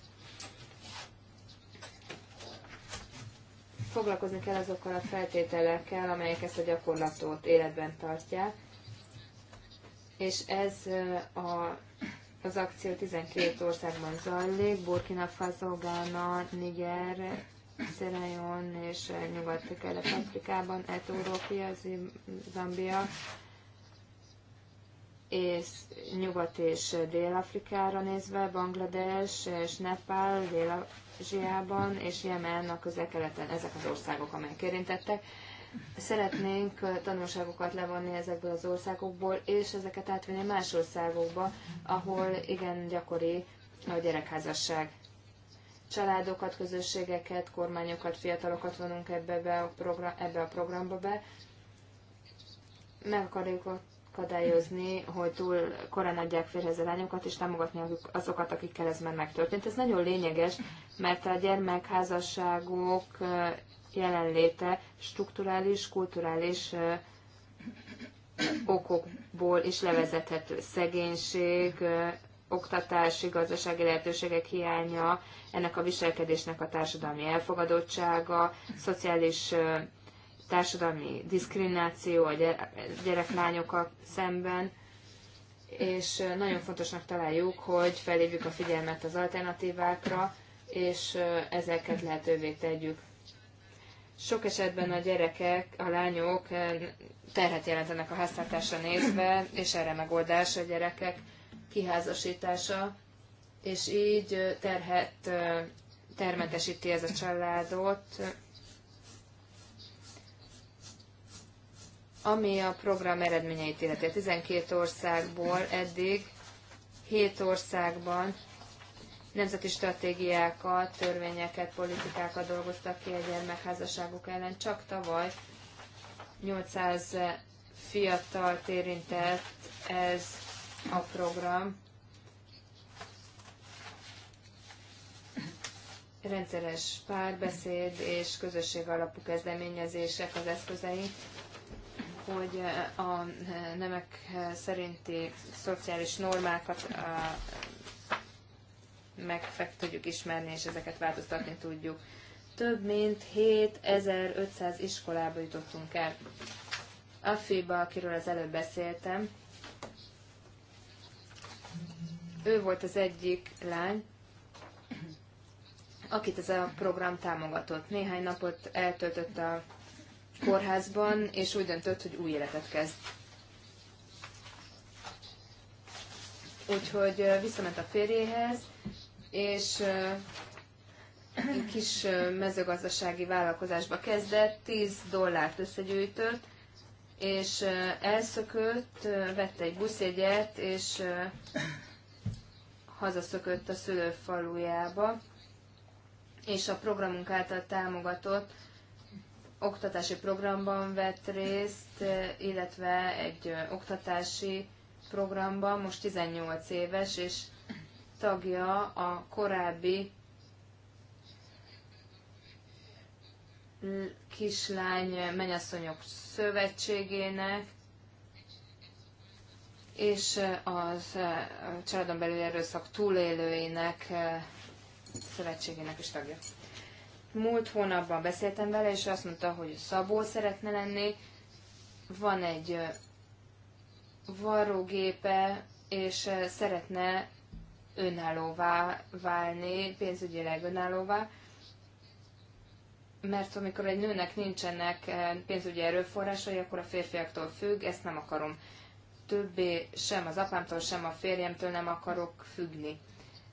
foglalkozni kell azokkal a feltételekkel, amelyek ezt a gyakorlatot életben tartják, és ez a, az akció 12 országban zajlik, Burkina Faso, Ghana, Niger, Sierra Leone és Nyugat-Kelet-Afrikában, Etiópia, Zambia, és Nyugat- és Dél-Afrikára nézve, Banglades és Nepal, Ázsiában és Jemen a közel-keleten, ezek az országok, amelyek érintettek. Szeretnénk tanulságokat levonni ezekből az országokból, és ezeket átvinni más országokba, ahol igen gyakori a gyerekházasság. Családokat, közösségeket, kormányokat, fiatalokat vonunk ebbe, be a program, ebbe a programba be, meg akarjuk ott akadályozni, hogy túl korán adják férhez a lányokat, és támogatni azokat, akikkel ez már megtörtént. Ez nagyon lényeges, mert a gyermekházasságok jelenléte strukturális, kulturális okokból is levezethető. Szegénység, oktatási, gazdasági lehetőségek hiánya, ennek a viselkedésnek a társadalmi elfogadottsága, szociális társadalmi diszkrimináció a gyereklányokkal szemben, és nagyon fontosnak találjuk, hogy felhívjuk a figyelmet az alternatívákra, és ezeket lehetővé tegyük. Sok esetben a gyerekek, a lányok terhet jelentenek a háztartásra nézve, és erre megoldás a gyerekek kiházasítása, és így terhet termentesíti ez a családot, Ami a program eredményeit illeti, 12 országból eddig 7 országban nemzeti stratégiákat, törvényeket, politikákat dolgoztak ki a gyermekházasságok ellen. Csak tavaly 800 fiatal érintett ez a program. Rendszeres párbeszéd és közösség alapú kezdeményezések az eszközeink hogy a nemek szerinti szociális normákat meg tudjuk ismerni, és ezeket változtatni tudjuk. Több mint 7500 iskolába jutottunk el. A FIBA, akiről az előbb beszéltem, ő volt az egyik lány, akit ez a program támogatott. Néhány napot eltöltött a kórházban, és úgy döntött, hogy új életet kezd. Úgyhogy visszament a férjéhez, és egy kis mezőgazdasági vállalkozásba kezdett, 10 dollárt összegyűjtött, és elszökött, vette egy buszjegyet, és hazaszökött a szülőfalujába, és a programunk által támogatott oktatási programban vett részt, illetve egy oktatási programban, most 18 éves, és tagja a korábbi kislány menyasszonyok szövetségének, és az családon belül erőszak túlélőinek szövetségének is tagja. Múlt hónapban beszéltem vele, és azt mondta, hogy Szabó szeretne lenni. Van egy varrógépe, és szeretne önállóvá válni, pénzügyileg önállóvá, mert amikor egy nőnek nincsenek pénzügyi erőforrásai, akkor a férfiaktól függ, ezt nem akarom. Többé sem az apámtól, sem a férjemtől nem akarok függni.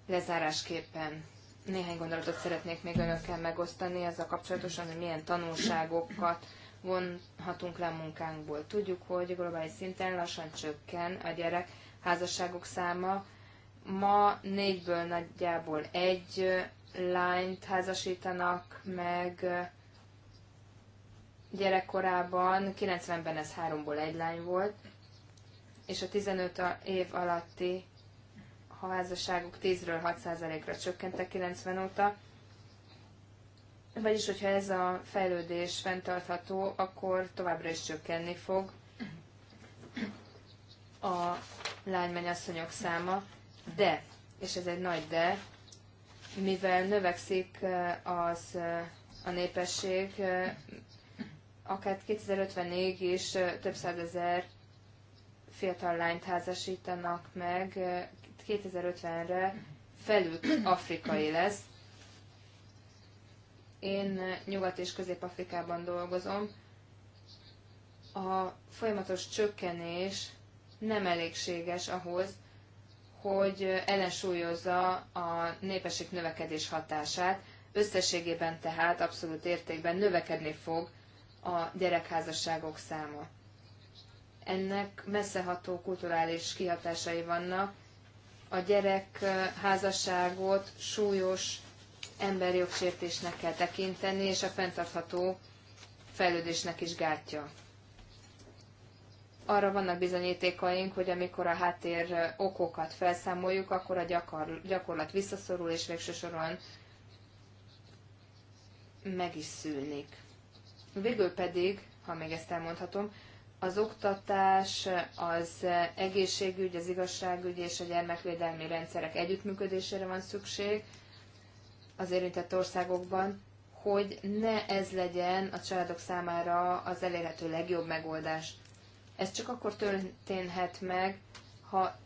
Lezárásképpen néhány gondolatot szeretnék még önökkel megosztani ezzel kapcsolatosan, hogy milyen tanulságokat vonhatunk le a munkánkból. Tudjuk, hogy globális szinten lassan csökken a gyerek házasságok száma. Ma négyből nagyjából egy lányt házasítanak meg gyerekkorában, 90-ben ez háromból egy lány volt, és a 15 év alatti a házasságok 10-ről 6%-ra csökkentek 90 óta. Vagyis, hogyha ez a fejlődés fenntartható, akkor továbbra is csökkenni fog a lánymenyasszonyok száma, de, és ez egy nagy de, mivel növekszik az a népesség, akár 2054 ig is több százezer fiatal lányt házasítanak meg 2050-re felült afrikai lesz. Én Nyugat- és Közép-Afrikában dolgozom. A folyamatos csökkenés nem elégséges ahhoz, hogy ellensúlyozza a népesség növekedés hatását. Összességében tehát abszolút értékben növekedni fog a gyerekházasságok száma. Ennek messzeható kulturális kihatásai vannak, a gyerek házasságot súlyos emberjogsértésnek kell tekinteni, és a fenntartható fejlődésnek is gátja. Arra vannak bizonyítékaink, hogy amikor a háttér okokat felszámoljuk, akkor a gyakor, gyakorlat visszaszorul, és végső soron meg is szűnik. Végül pedig, ha még ezt elmondhatom, az oktatás, az egészségügy, az igazságügy és a gyermekvédelmi rendszerek együttműködésére van szükség az érintett országokban, hogy ne ez legyen a családok számára az elérhető legjobb megoldás. Ez csak akkor történhet meg, ha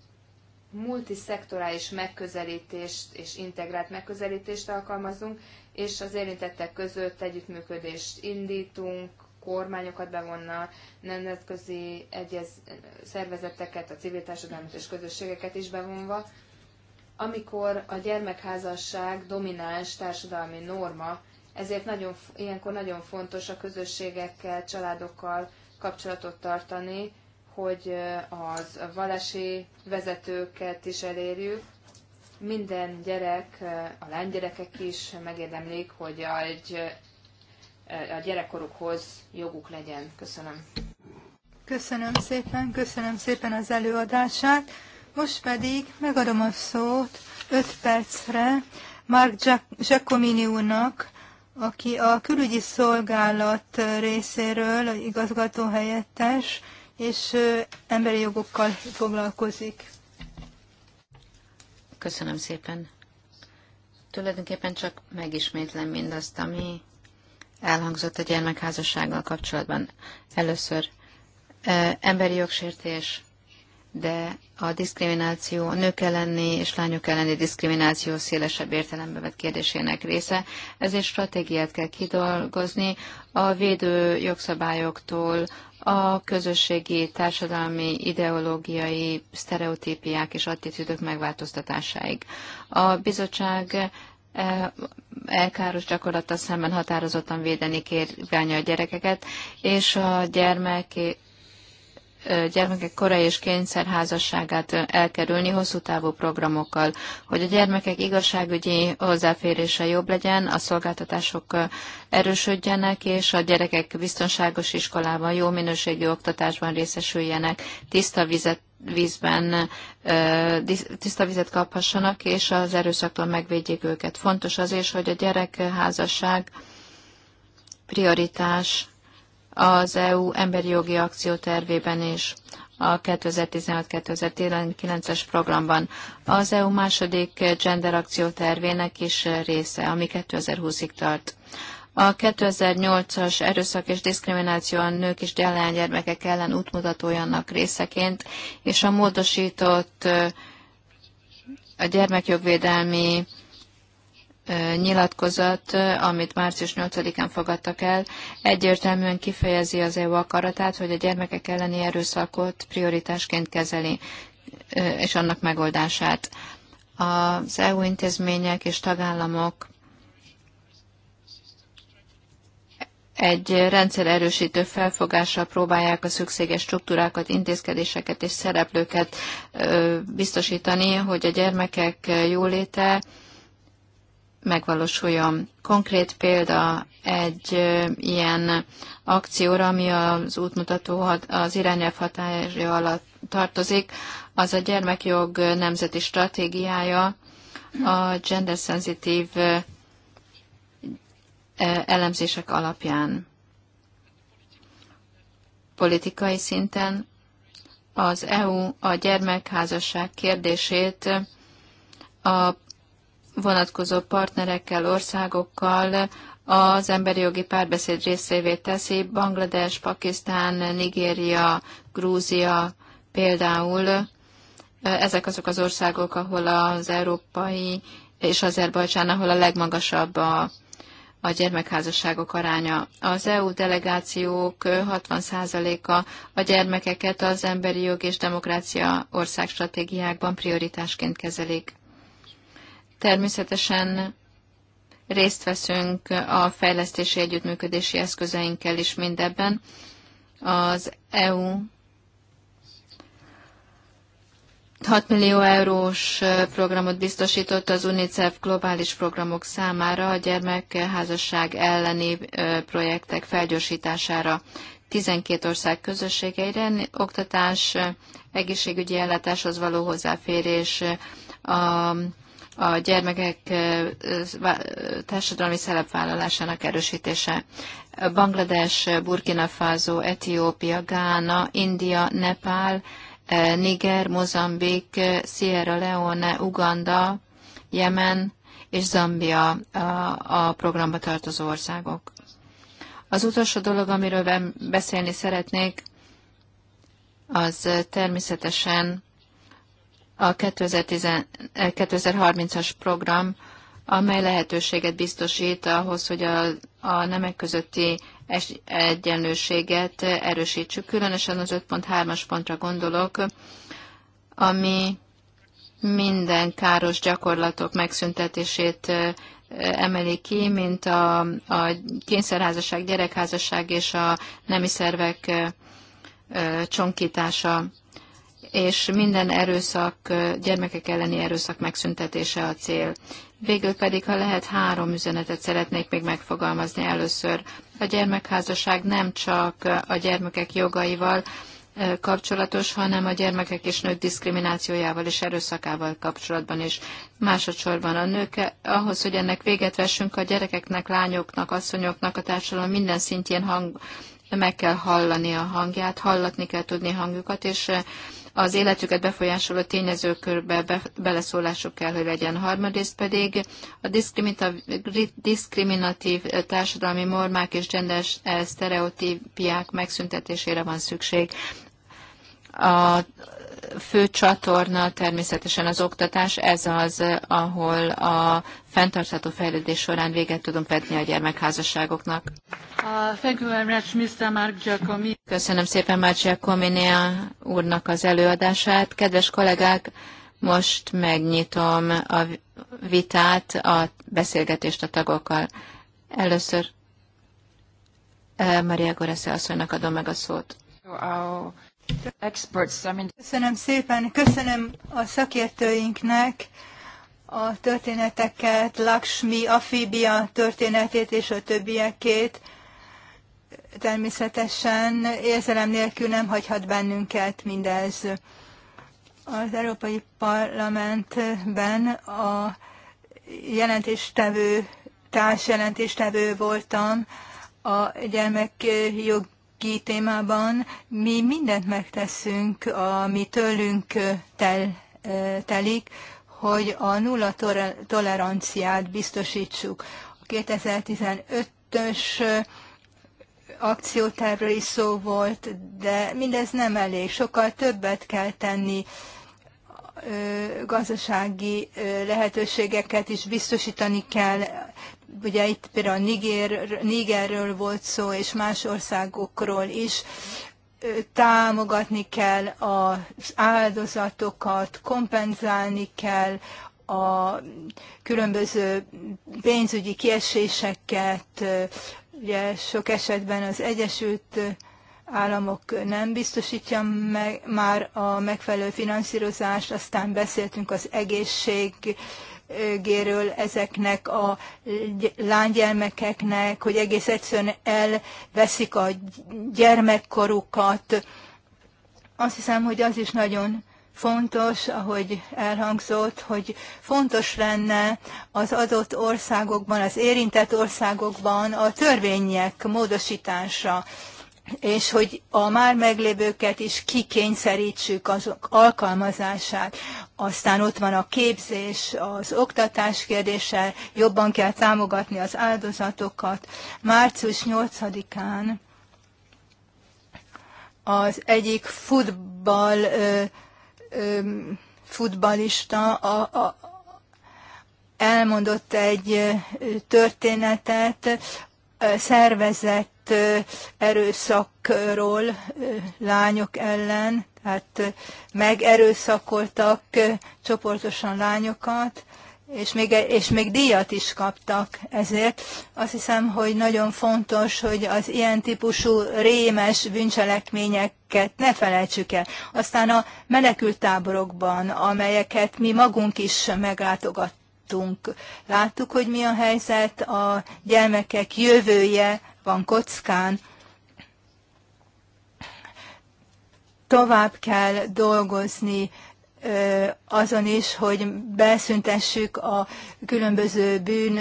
multiszektorális megközelítést és integrált megközelítést alkalmazunk, és az érintettek között együttműködést indítunk, kormányokat bevonna, nemzetközi egyez szervezeteket, a civil társadalmat és közösségeket is bevonva, amikor a gyermekházasság domináns társadalmi norma, ezért nagyon, ilyenkor nagyon fontos a közösségekkel, családokkal kapcsolatot tartani, hogy az valási vezetőket is elérjük. Minden gyerek, a lánygyerekek is megérdemlik, hogy egy a gyerekkorukhoz joguk legyen. Köszönöm. Köszönöm szépen, köszönöm szépen az előadását. Most pedig megadom a szót 5 percre Mark Giacomini úrnak, aki a külügyi szolgálat részéről igazgató helyettes, és emberi jogokkal foglalkozik. Köszönöm szépen. Tulajdonképpen csak megismétlem mindazt, ami elhangzott a gyermekházassággal kapcsolatban. Először emberi jogsértés, de a diszkrimináció, a nők elleni és lányok elleni diszkrimináció szélesebb értelembe vett kérdésének része, ezért stratégiát kell kidolgozni a védő jogszabályoktól, a közösségi, társadalmi, ideológiai sztereotípiák és attitűdök megváltoztatásáig. A bizottság E, elkáros gyakorlata szemben határozottan védeni kérvánja a gyerekeket, és a gyermek gyermekek korai és kényszerházasságát elkerülni hosszú távú programokkal, hogy a gyermekek igazságügyi hozzáférése jobb legyen, a szolgáltatások erősödjenek, és a gyerekek biztonságos iskolában, jó minőségű oktatásban részesüljenek, tiszta vizet vízben tiszta vizet kaphassanak, és az erőszaktól megvédjék őket. Fontos az is, hogy a gyerekházasság prioritás az EU emberi jogi akciótervében is a 2016-2019-es programban. Az EU második gender akciótervének is része, ami 2020-ig tart. A 2008-as erőszak és diszkrimináció a nők és gyermekek ellen útmutatójának részeként, és a módosított a gyermekjogvédelmi nyilatkozat, amit március 8-án fogadtak el, egyértelműen kifejezi az EU akaratát, hogy a gyermekek elleni erőszakot prioritásként kezeli, és annak megoldását. Az EU intézmények és tagállamok egy rendszer erősítő felfogással próbálják a szükséges struktúrákat, intézkedéseket és szereplőket biztosítani, hogy a gyermekek jóléte megvalósuljon. Konkrét példa egy ilyen akcióra, ami az útmutató az irányelv hatája alatt tartozik, az a gyermekjog nemzeti stratégiája, a gender-szenzitív E, elemzések alapján. Politikai szinten az EU a gyermekházasság kérdését a vonatkozó partnerekkel, országokkal az emberi jogi párbeszéd részévé teszi. Banglades, Pakisztán, Nigéria, Grúzia például. E, ezek azok az országok, ahol az európai és Azerbajcsán, ahol a legmagasabb a a gyermekházasságok aránya. Az EU delegációk 60%-a a gyermekeket az emberi jog és demokrácia stratégiákban prioritásként kezelik. Természetesen részt veszünk a fejlesztési együttműködési eszközeinkkel is mindebben. Az EU 6 millió eurós programot biztosított az UNICEF globális programok számára a gyermekházasság elleni projektek felgyorsítására 12 ország közösségeire, oktatás, egészségügyi ellátáshoz való hozzáférés, a, a gyermekek társadalmi szerepvállalásának erősítése. Banglades, Burkina Faso, Etiópia, Gána, India, Nepál, Niger, Mozambik, Sierra Leone, Uganda, Jemen és Zambia a programba tartozó országok. Az utolsó dolog, amiről beszélni szeretnék, az természetesen a 2030-as eh, program, amely lehetőséget biztosít ahhoz, hogy a, a nemek közötti egyenlőséget erősítsük. Különösen az 5.3-as pontra gondolok, ami minden káros gyakorlatok megszüntetését emeli ki, mint a, a kényszerházasság, gyerekházasság és a nemi szervek csonkítása és minden erőszak, gyermekek elleni erőszak megszüntetése a cél. Végül pedig, ha lehet, három üzenetet szeretnék még megfogalmazni először. A gyermekházasság nem csak a gyermekek jogaival kapcsolatos, hanem a gyermekek és nők diszkriminációjával és erőszakával kapcsolatban is. Másodszorban a nők, ahhoz, hogy ennek véget vessünk, a gyerekeknek, lányoknak, asszonyoknak a társadalom minden szintjén hang, meg kell hallani a hangját, hallatni kell tudni hangjukat, és az életüket befolyásoló tényezőkörbe be, beleszólásuk kell, hogy legyen. Harmadrészt pedig a diszkriminatív társadalmi normák és gender sztereotípiák megszüntetésére van szükség. A fő csatorna természetesen az oktatás, ez az, ahol a fenntartható fejlődés során véget tudunk vetni a gyermekházasságoknak. Uh, Köszönöm szépen Mark Giacomini úrnak az előadását. Kedves kollégák, most megnyitom a vitát, a beszélgetést a tagokkal. Először uh, Maria Goresze asszonynak adom meg a szót. Köszönöm szépen, köszönöm a szakértőinknek a történeteket, Lakshmi, Afibia történetét és a többiekét. Természetesen érzelem nélkül nem hagyhat bennünket mindez. Az Európai Parlamentben a jelentéstevő, társjelentéstevő voltam a gyermekjog ki témában mi mindent megteszünk, ami tőlünk tel, telik, hogy a nulla toleranciát biztosítsuk. A 2015-ös akciótervről is szó volt, de mindez nem elég. Sokkal többet kell tenni gazdasági lehetőségeket is biztosítani kell, ugye itt például Niger, Nigerről volt szó, és más országokról is, támogatni kell az áldozatokat, kompenzálni kell a különböző pénzügyi kieséseket, ugye sok esetben az Egyesült államok nem biztosítja meg, már a megfelelő finanszírozást, aztán beszéltünk az egészség géről ezeknek a lánygyermekeknek, hogy egész egyszerűen elveszik a gyermekkorukat. Azt hiszem, hogy az is nagyon fontos, ahogy elhangzott, hogy fontos lenne az adott országokban, az érintett országokban a törvények módosítása és hogy a már meglévőket is kikényszerítsük azok alkalmazását. Aztán ott van a képzés, az oktatás kérdése, jobban kell támogatni az áldozatokat. Március 8-án az egyik futball, ö, ö, futballista a, a, elmondott egy történetet, szervezett elkövetett erőszakról lányok ellen, tehát megerőszakoltak csoportosan lányokat, és még, e, és még díjat is kaptak ezért. Azt hiszem, hogy nagyon fontos, hogy az ilyen típusú rémes bűncselekményeket ne felejtsük el. Aztán a menekültáborokban, amelyeket mi magunk is meglátogattunk, láttuk, hogy mi a helyzet, a gyermekek jövője van kockán. Tovább kell dolgozni azon is, hogy beszüntessük a különböző bűn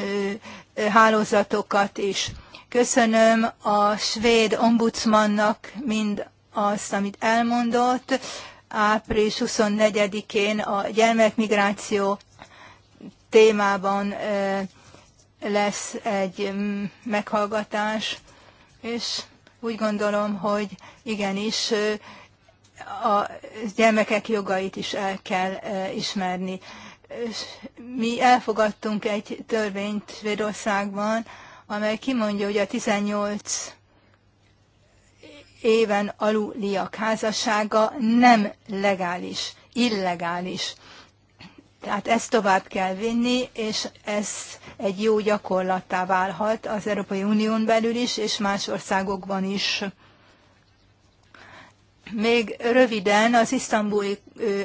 hálózatokat is. Köszönöm a svéd ombudsmannak mind azt, amit elmondott. Április 24-én a gyermekmigráció témában lesz egy mm, meghallgatás, és úgy gondolom, hogy igenis a gyermekek jogait is el kell ismerni. Mi elfogadtunk egy törvényt Svédországban, amely kimondja, hogy a 18 éven aluliak házassága nem legális, illegális. Tehát ezt tovább kell vinni, és ez egy jó gyakorlattá válhat az Európai Unión belül is, és más országokban is. Még röviden az isztambuli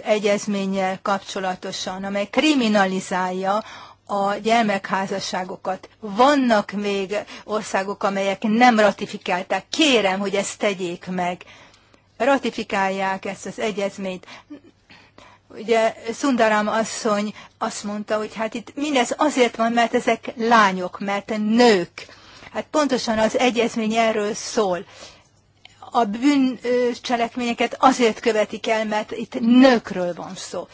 egyezménnyel kapcsolatosan, amely kriminalizálja a gyermekházasságokat. Vannak még országok, amelyek nem ratifikálták. Kérem, hogy ezt tegyék meg. Ratifikálják ezt az egyezményt. Ugye Szundarám asszony azt mondta, hogy hát itt mindez azért van, mert ezek lányok, mert nők. Hát pontosan az egyezmény erről szól. A bűncselekményeket azért követik el, mert itt nőkről van szó.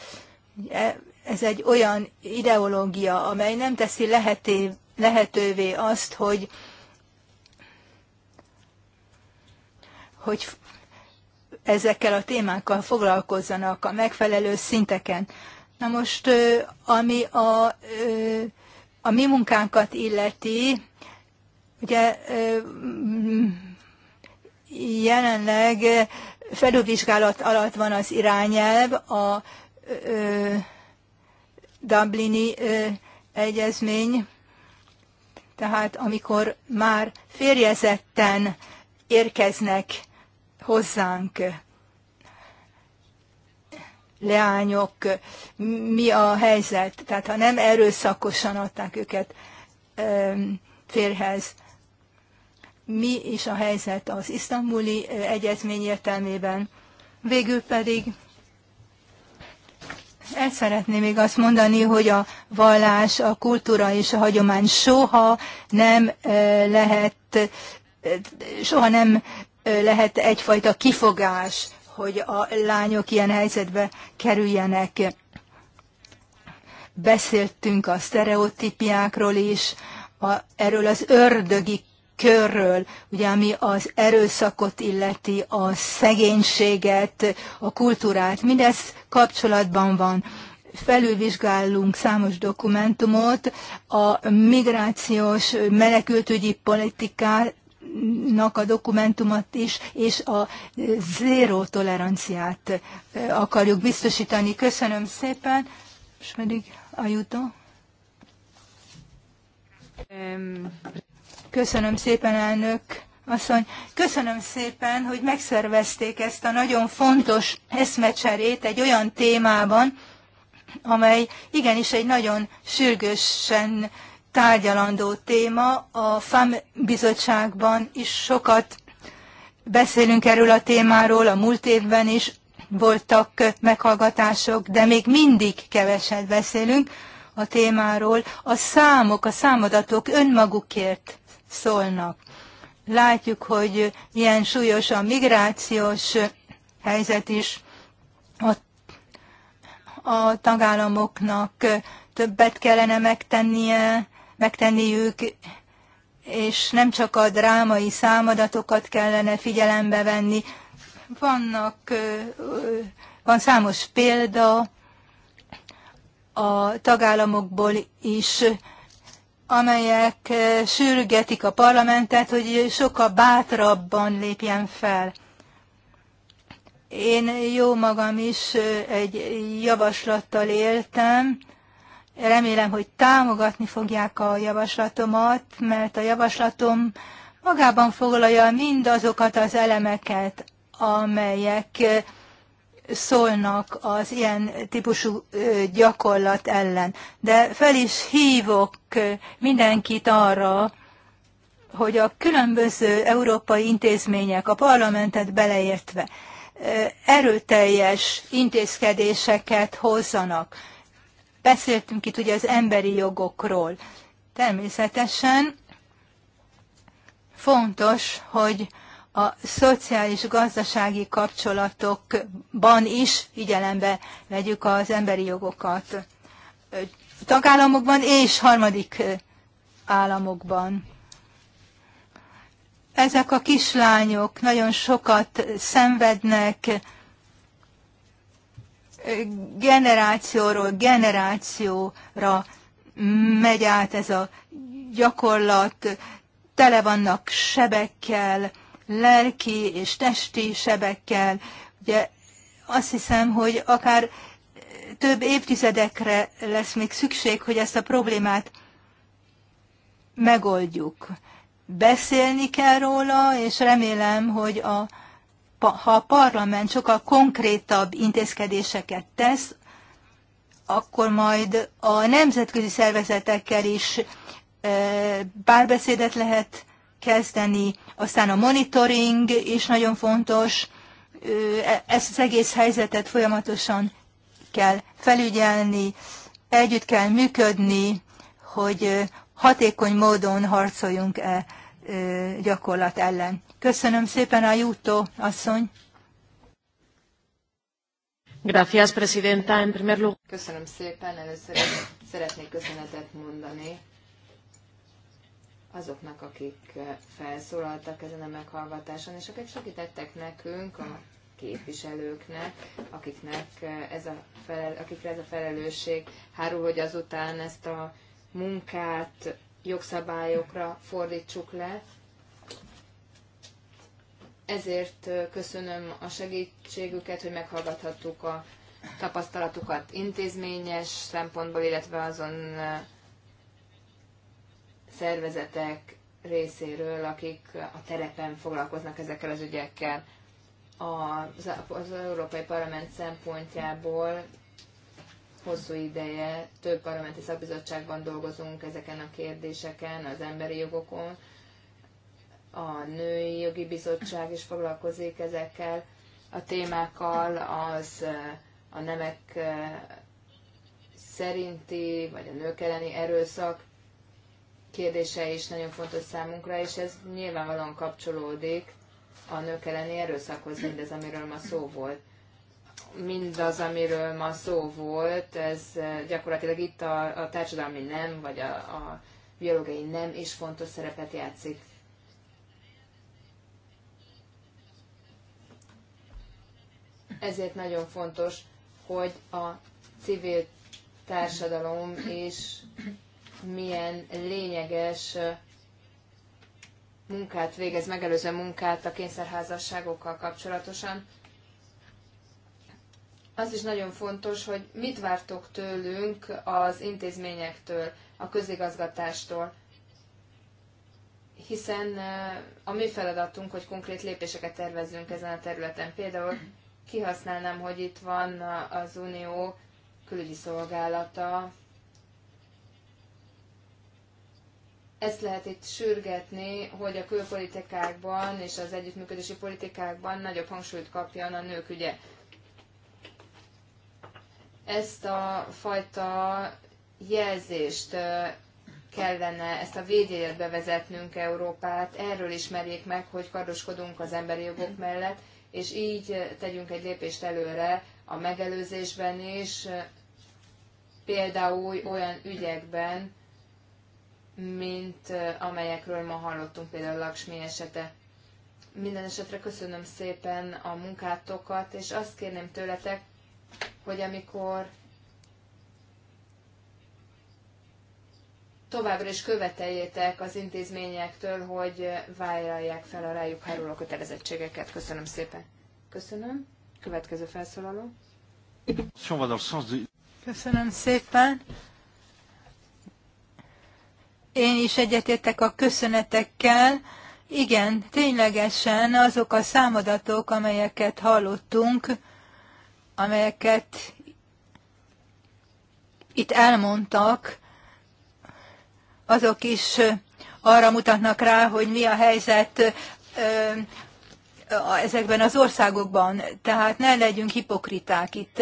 Ugye, ez egy olyan ideológia, amely nem teszi leheté, lehetővé azt, hogy, hogy ezekkel a témákkal foglalkozzanak a megfelelő szinteken. Na most, ami a, a mi munkánkat illeti, ugye jelenleg felülvizsgálat alatt van az irányelv, a Dublini egyezmény, tehát amikor már férjezetten érkeznek hozzánk leányok, mi a helyzet, tehát ha nem erőszakosan adták őket férhez, mi is a helyzet az isztambuli egyezmény értelmében. Végül pedig el szeretném még azt mondani, hogy a vallás, a kultúra és a hagyomány soha nem lehet, soha nem lehet egyfajta kifogás, hogy a lányok ilyen helyzetbe kerüljenek. Beszéltünk a sztereotípiákról is, a, erről az ördögi körről, ugye ami az erőszakot illeti, a szegénységet, a kultúrát, mindez kapcsolatban van. Felülvizsgálunk számos dokumentumot, a migrációs menekültügyi politikát nak a dokumentumot is, és a zéró toleranciát akarjuk biztosítani. Köszönöm szépen, és pedig jutó. Köszönöm szépen, elnök asszony. Köszönöm szépen, hogy megszervezték ezt a nagyon fontos eszmecserét egy olyan témában, amely igenis egy nagyon sürgősen tárgyalandó téma. A FAM bizottságban is sokat beszélünk erről a témáról, a múlt évben is voltak meghallgatások, de még mindig keveset beszélünk a témáról. A számok, a számadatok önmagukért szólnak. Látjuk, hogy ilyen súlyos a migrációs helyzet is. A, a tagállamoknak többet kellene megtennie, megtenniük, és nem csak a drámai számadatokat kellene figyelembe venni. Vannak, van számos példa a tagállamokból is, amelyek sürgetik a parlamentet, hogy sokkal bátrabban lépjen fel. Én jó magam is egy javaslattal éltem, Remélem, hogy támogatni fogják a javaslatomat, mert a javaslatom magában foglalja mindazokat az elemeket, amelyek szólnak az ilyen típusú gyakorlat ellen. De fel is hívok mindenkit arra, hogy a különböző európai intézmények, a parlamentet beleértve, erőteljes intézkedéseket hozzanak Beszéltünk itt ugye az emberi jogokról. Természetesen fontos, hogy a szociális-gazdasági kapcsolatokban is figyelembe vegyük az emberi jogokat tagállamokban és harmadik államokban. Ezek a kislányok nagyon sokat szenvednek, generációról generációra megy át ez a gyakorlat, tele vannak sebekkel, lelki és testi sebekkel. Ugye azt hiszem, hogy akár több évtizedekre lesz még szükség, hogy ezt a problémát megoldjuk. Beszélni kell róla, és remélem, hogy a ha a parlament sokkal konkrétabb intézkedéseket tesz, akkor majd a nemzetközi szervezetekkel is e, párbeszédet lehet kezdeni, aztán a monitoring is nagyon fontos, e, ezt az egész helyzetet folyamatosan kell felügyelni, együtt kell működni, hogy hatékony módon harcoljunk e gyakorlat ellen. Köszönöm szépen, Ajutó asszony. Gracias, presidenta. En primer lugar... Köszönöm szépen. Először szeretnék köszönetet mondani azoknak, akik felszólaltak ezen a meghallgatáson, és akik segítettek nekünk, a képviselőknek, akiknek ez a felel, akikre ez a felelősség hárul, hogy azután ezt a munkát jogszabályokra fordítsuk le, ezért köszönöm a segítségüket, hogy meghallgathattuk a tapasztalatukat intézményes szempontból, illetve azon szervezetek részéről, akik a terepen foglalkoznak ezekkel az ügyekkel. Az, az Európai Parlament szempontjából hosszú ideje több parlamenti szakbizottságban dolgozunk ezeken a kérdéseken, az emberi jogokon, a Női Jogi Bizottság is foglalkozik ezekkel a témákkal, az a nemek szerinti, vagy a nők elleni erőszak kérdése is nagyon fontos számunkra, és ez nyilvánvalóan kapcsolódik a nők elleni erőszakhoz, mindez, amiről ma szó volt. Mindaz, amiről ma szó volt, ez gyakorlatilag itt a, a társadalmi nem, vagy a, a biológiai nem is fontos szerepet játszik. Ezért nagyon fontos, hogy a civil társadalom és milyen lényeges munkát végez, megelőző munkát a kényszerházasságokkal kapcsolatosan. Az is nagyon fontos, hogy mit vártok tőlünk az intézményektől, a közigazgatástól, hiszen a mi feladatunk, hogy konkrét lépéseket tervezzünk ezen a területen. Például kihasználnám, hogy itt van az Unió külügyi szolgálata. Ezt lehet itt sürgetni, hogy a külpolitikákban és az együttműködési politikákban nagyobb hangsúlyt kapjon a nők ügye. Ezt a fajta jelzést kellene ezt a védjegyet bevezetnünk Európát, erről ismerjék meg, hogy kardoskodunk az emberi jogok mellett, és így eh, tegyünk egy lépést előre a megelőzésben is, eh, például olyan ügyekben, mint eh, amelyekről ma hallottunk, például Laksmi esete. Minden esetre köszönöm szépen a munkátokat, és azt kérném tőletek, hogy amikor továbbra is követeljétek az intézményektől, hogy vállalják fel a rájuk háruló kötelezettségeket. Köszönöm szépen. Köszönöm. Következő felszólaló. Köszönöm szépen. Én is egyetértek a köszönetekkel. Igen, ténylegesen azok a számadatok, amelyeket hallottunk, amelyeket itt elmondtak, azok is arra mutatnak rá, hogy mi a helyzet ezekben az országokban. Tehát ne legyünk hipokriták. Itt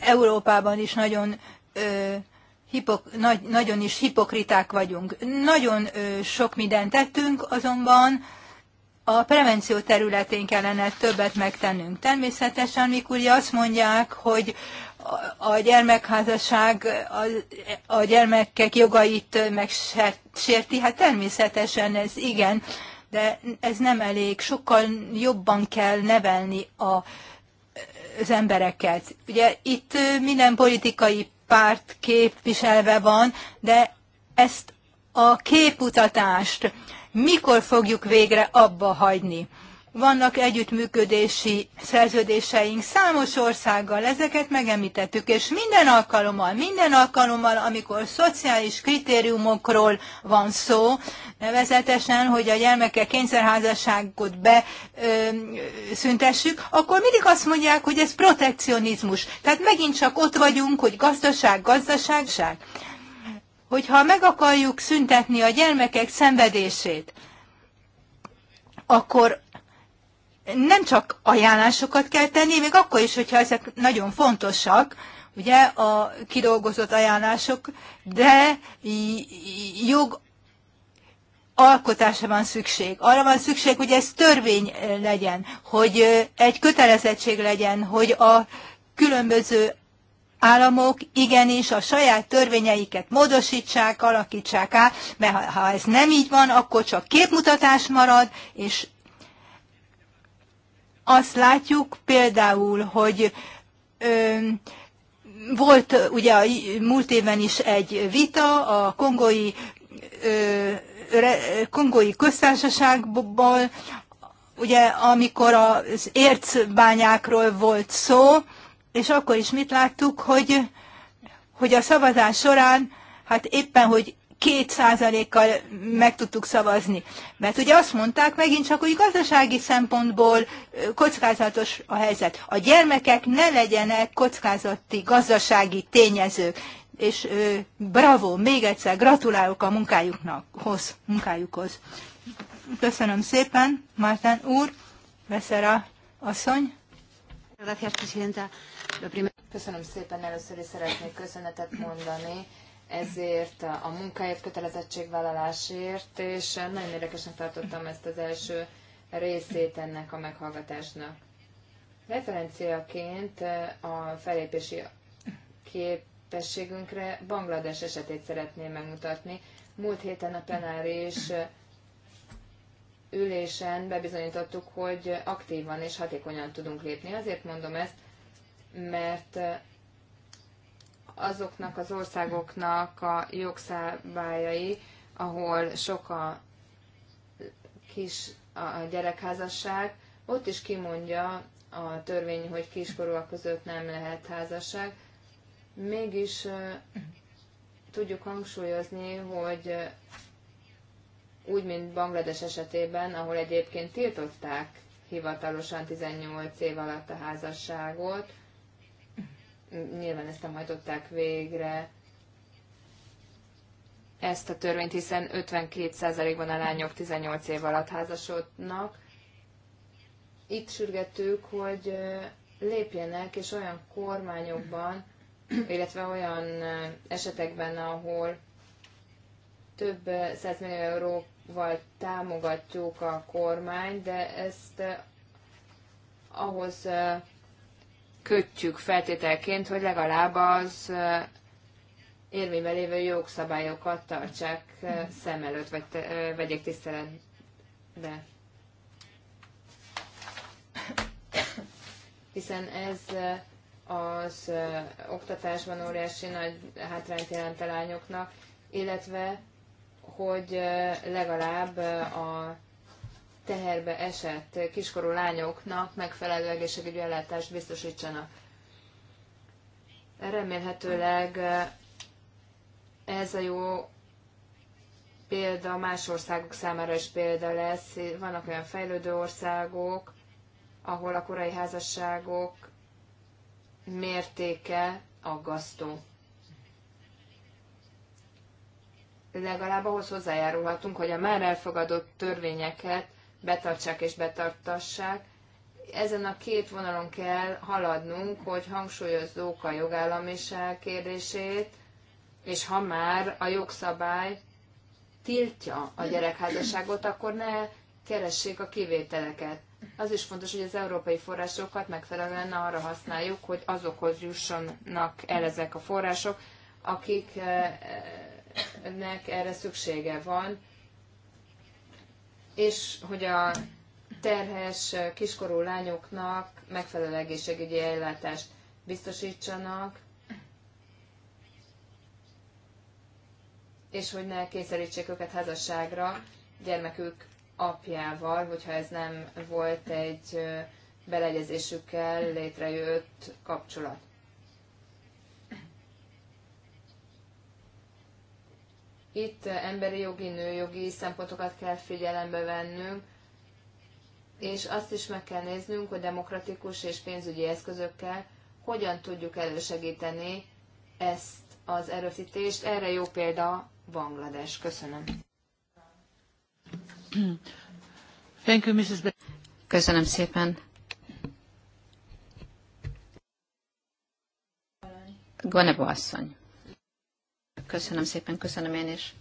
Európában is nagyon hipok, nagy, nagyon is hipokriták vagyunk. Nagyon sok mindent tettünk, azonban a prevenció területén kellene többet megtennünk. Természetesen, mikor azt mondják, hogy a gyermekházasság a, gyermekek jogait megsérti, hát természetesen ez igen, de ez nem elég, sokkal jobban kell nevelni a, az embereket. Ugye itt minden politikai párt képviselve van, de ezt a képutatást mikor fogjuk végre abba hagyni? Vannak együttműködési szerződéseink számos országgal, ezeket megemlítettük, és minden alkalommal, minden alkalommal, amikor szociális kritériumokról van szó, nevezetesen, hogy a gyermekek kényszerházasságot beszüntessük, akkor mindig azt mondják, hogy ez protekcionizmus. Tehát megint csak ott vagyunk, hogy gazdaság, gazdaságság. Hogyha meg akarjuk szüntetni a gyermekek szenvedését, akkor nem csak ajánlásokat kell tenni, még akkor is, hogyha ezek nagyon fontosak, ugye a kidolgozott ajánlások, de jog alkotása van szükség. Arra van szükség, hogy ez törvény legyen, hogy egy kötelezettség legyen, hogy a különböző államok igenis a saját törvényeiket módosítsák, alakítsák át, mert ha ez nem így van, akkor csak képmutatás marad, és azt látjuk például, hogy ö, volt ugye a múlt éven is egy vita a kongói, ö, re, kongói köztársaságból, ugye amikor az ércbányákról volt szó, és akkor is mit láttuk, hogy, hogy a szavazás során, hát éppen, hogy két százalékkal meg tudtuk szavazni. Mert ugye azt mondták megint csak, hogy gazdasági szempontból kockázatos a helyzet. A gyermekek ne legyenek kockázati gazdasági tényezők. És ö, bravo, még egyszer gratulálok a munkájuknak, hoz, munkájukhoz. Köszönöm szépen, Márten úr, Veszera asszony. Köszönöm szépen, először is szeretnék köszönetet mondani ezért, a munkáért, kötelezettségvállalásért, és nagyon érdekesnek tartottam ezt az első részét ennek a meghallgatásnak. Referenciaként a felépési képességünkre Banglades esetét szeretném megmutatni. Múlt héten a plenáris ülésen bebizonyítottuk, hogy aktívan és hatékonyan tudunk lépni. Azért mondom ezt, mert azoknak az országoknak a jogszabályai, ahol sok a kis a gyerekházasság, ott is kimondja a törvény, hogy kiskorúak között nem lehet házasság. Mégis tudjuk hangsúlyozni, hogy úgy, mint Banglades esetében, ahol egyébként tiltották hivatalosan 18 év alatt a házasságot, nyilván ezt nem hajtották végre ezt a törvényt, hiszen 52%-ban a lányok 18 év alatt házasodnak. Itt sürgettük, hogy lépjenek, és olyan kormányokban, illetve olyan esetekben, ahol több százmillió euróval támogatjuk a kormány, de ezt ahhoz kötjük feltételként, hogy legalább az eh, érvényben lévő jogszabályokat tartsák eh, szem előtt, vagy te, eh, vegyék tiszteletbe. Hiszen ez az oktatásban óriási nagy hátrányt jelent a lányoknak, illetve hogy legalább a teherbe esett kiskorú lányoknak megfelelő egészségügyi ellátást biztosítsanak. Remélhetőleg eh, ez a jó példa más országok számára is példa lesz. Vannak olyan fejlődő országok, ahol a korai házasságok mértéke aggasztó. Legalább ahhoz hozzájárulhatunk, hogy a már elfogadott törvényeket betartsák és betartassák. Ezen a két vonalon kell haladnunk, hogy hangsúlyozzuk a jogállamiság kérdését, és ha már a jogszabály tiltja a gyerekházasságot, akkor ne keressék a kivételeket. Az is fontos, hogy az európai forrásokat megfelelően arra használjuk, hogy azokhoz jussanak el ezek a források, akiknek erre szüksége van, és hogy a terhes kiskorú lányoknak megfelelő egészségügyi ellátást biztosítsanak, és hogy ne kényszerítsék őket házasságra gyermekük apjával, hogyha ez nem volt egy beleegyezésükkel létrejött kapcsolat. Itt eh, emberi jogi, nőjogi szempontokat kell figyelembe vennünk, és azt is meg kell néznünk, hogy demokratikus és pénzügyi eszközökkel hogyan tudjuk elősegíteni ezt az erőfítést. Erre jó példa Banglades. Köszönöm. Thank you, Mrs. Köszönöm szépen. Gonebo asszony. Köszönöm szépen, köszönöm én is.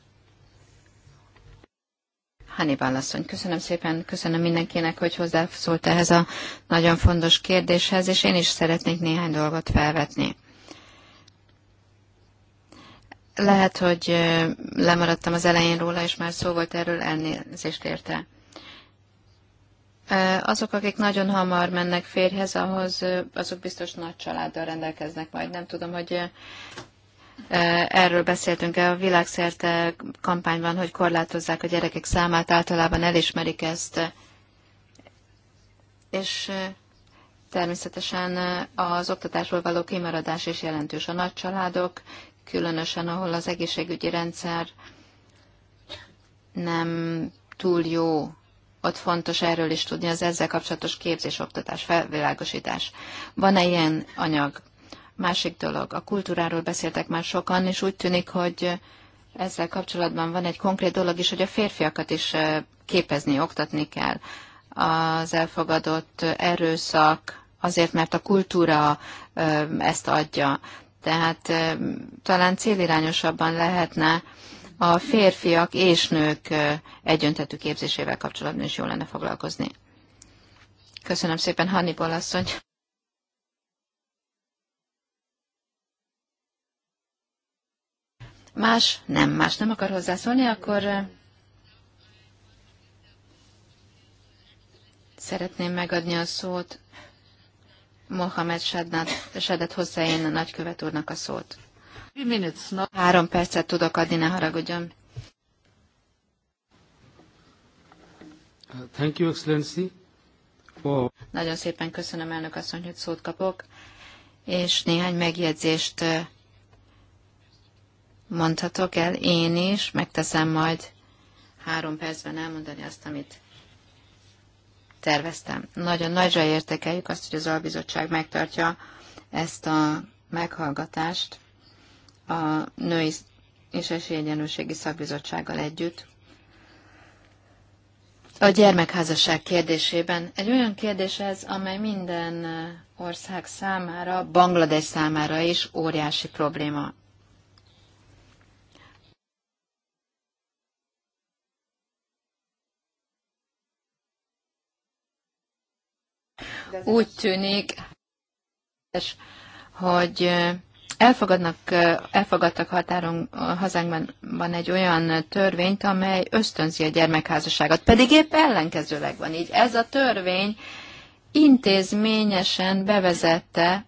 Hani asszony, köszönöm szépen, köszönöm mindenkinek, hogy hozzászólt ehhez a nagyon fontos kérdéshez, és én is szeretnék néhány dolgot felvetni. Lehet, hogy lemaradtam az elején róla, és már szó volt erről, elnézést érte. Azok, akik nagyon hamar mennek férjhez, ahhoz azok biztos nagy családdal rendelkeznek majd. Nem tudom, hogy Erről beszéltünk a világszerte kampányban, hogy korlátozzák a gyerekek számát, általában elismerik ezt. És természetesen az oktatásból való kimaradás is jelentős. A nagy családok, különösen ahol az egészségügyi rendszer nem túl jó, ott fontos erről is tudni az ezzel kapcsolatos képzés, oktatás, felvilágosítás. Van-e ilyen anyag? Másik dolog, a kultúráról beszéltek már sokan, és úgy tűnik, hogy ezzel kapcsolatban van egy konkrét dolog is, hogy a férfiakat is eh, képezni, oktatni kell. Az elfogadott erőszak azért, mert a kultúra eh, ezt adja. Tehát eh, talán célirányosabban lehetne a férfiak és nők egyöntetű képzésével kapcsolatban is jól lenne foglalkozni. Köszönöm szépen, Hanni asszony. Más nem, más nem akar hozzászólni, akkor eh, szeretném megadni a szót Mohamed Sadat Hossein a nagykövet úrnak a szót. Három percet tudok adni, ne haragudjon. Thank you, Excellency. For... Nagyon szépen köszönöm, elnök asszony, hogy szót kapok, és néhány megjegyzést eh, mondhatok el, én is megteszem majd három percben elmondani azt, amit terveztem. Nagyon nagyra értékeljük azt, hogy az albizottság megtartja ezt a meghallgatást a női és esélyegyenlőségi szakbizottsággal együtt. A gyermekházasság kérdésében egy olyan kérdés ez, amely minden ország számára, Banglades számára is óriási probléma. úgy tűnik, hogy elfogadnak, elfogadtak határon hazánkban van egy olyan törvényt, amely ösztönzi a gyermekházasságot, pedig épp ellenkezőleg van így. Ez a törvény intézményesen bevezette,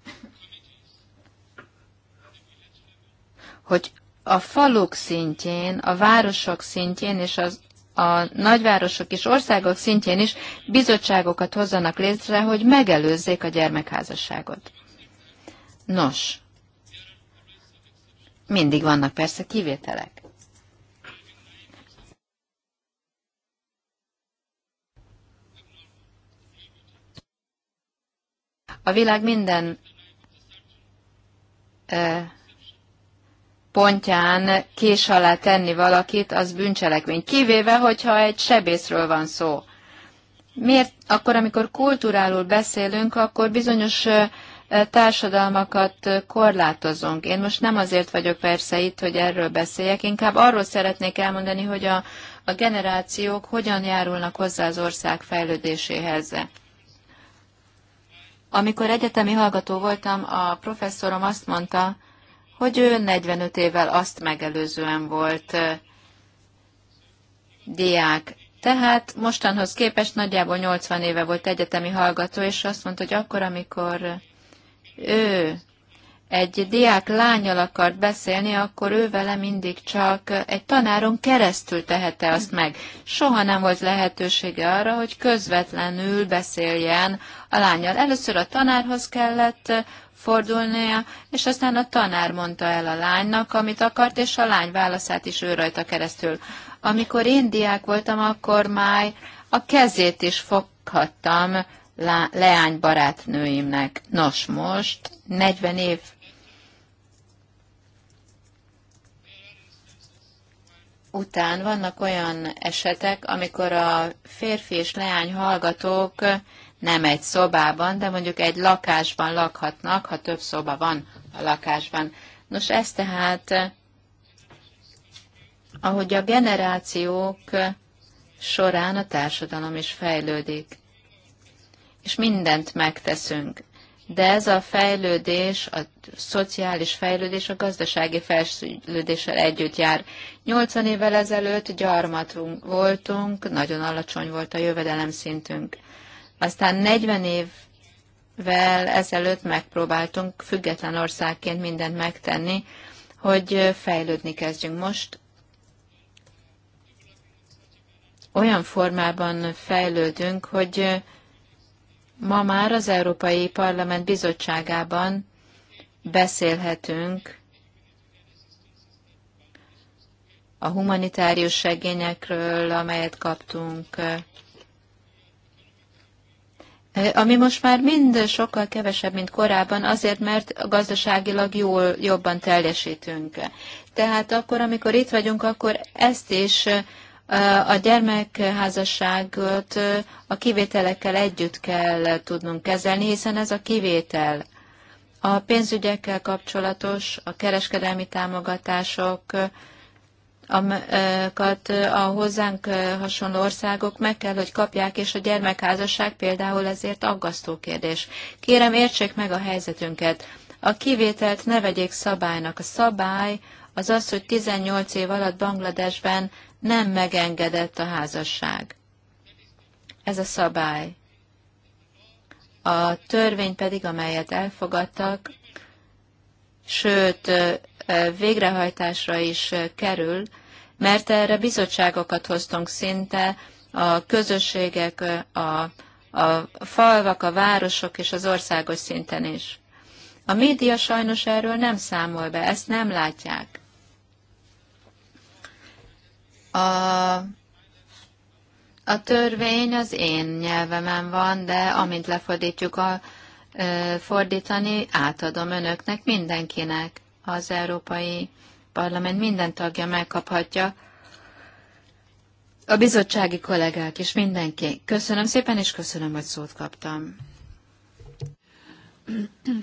hogy a faluk szintjén, a városok szintjén és az a nagyvárosok és országok szintjén is bizottságokat hozzanak létre, hogy megelőzzék a gyermekházasságot. Nos, mindig vannak persze kivételek. A világ minden pontján kés alá tenni valakit, az bűncselekmény. Kivéve, hogyha egy sebészről van szó. Miért akkor, amikor kulturálul beszélünk, akkor bizonyos társadalmakat korlátozunk. Én most nem azért vagyok persze itt, hogy erről beszéljek, inkább arról szeretnék elmondani, hogy a, a generációk hogyan járulnak hozzá az ország fejlődéséhez. Amikor egyetemi hallgató voltam, a professzorom azt mondta, hogy ő 45 évvel azt megelőzően volt diák. Tehát mostanhoz képest nagyjából 80 éve volt egyetemi hallgató, és azt mondta, hogy akkor, amikor ő egy diák lányjal akart beszélni, akkor ő vele mindig csak egy tanáron keresztül tehette azt meg. Soha nem volt lehetősége arra, hogy közvetlenül beszéljen a lányjal. Először a tanárhoz kellett fordulnia, és aztán a tanár mondta el a lánynak, amit akart, és a lány válaszát is ő rajta keresztül. Amikor én diák voltam, akkor már a kezét is foghattam leány barátnőimnek. Nos, most 40 év után vannak olyan esetek, amikor a férfi és leány hallgatók nem egy szobában, de mondjuk egy lakásban lakhatnak, ha több szoba van a lakásban. Nos, ez tehát, ahogy a generációk során a társadalom is fejlődik, és mindent megteszünk. De ez a fejlődés, a szociális fejlődés a gazdasági fejlődéssel együtt jár. 80 évvel ezelőtt gyarmatunk voltunk, nagyon alacsony volt a jövedelem szintünk. Aztán 40 évvel ezelőtt megpróbáltunk független országként mindent megtenni, hogy fejlődni kezdjünk. Most olyan formában fejlődünk, hogy ma már az Európai Parlament bizottságában beszélhetünk a humanitárius segényekről, amelyet kaptunk, Eh, ami most már mind sokkal kevesebb, mint korábban, azért, mert gazdaságilag jól, jobban teljesítünk. Tehát akkor, amikor itt vagyunk, akkor ezt is eh, a gyermekházasságot eh, a kivételekkel együtt kell tudnunk kezelni, hiszen ez a kivétel. A pénzügyekkel kapcsolatos, a kereskedelmi támogatások, amiket a hozzánk hasonló országok meg kell, hogy kapják, és a gyermekházasság például ezért aggasztó kérdés. Kérem, értsék meg a helyzetünket. A kivételt ne vegyék szabálynak. A szabály az az, hogy 18 év alatt Bangladesben nem megengedett a házasság. Ez a szabály. A törvény pedig, amelyet elfogadtak, sőt, végrehajtásra is kerül, mert erre bizottságokat hoztunk szinte, a közösségek, a, a falvak, a városok és az országos szinten is. A média sajnos erről nem számol be, ezt nem látják. A, a törvény az én nyelvemen van, de amint lefordítjuk a fordítani, átadom önöknek, mindenkinek az európai parlament minden tagja megkaphatja, a bizottsági kollégák és mindenki. Köszönöm szépen, és köszönöm, hogy szót kaptam.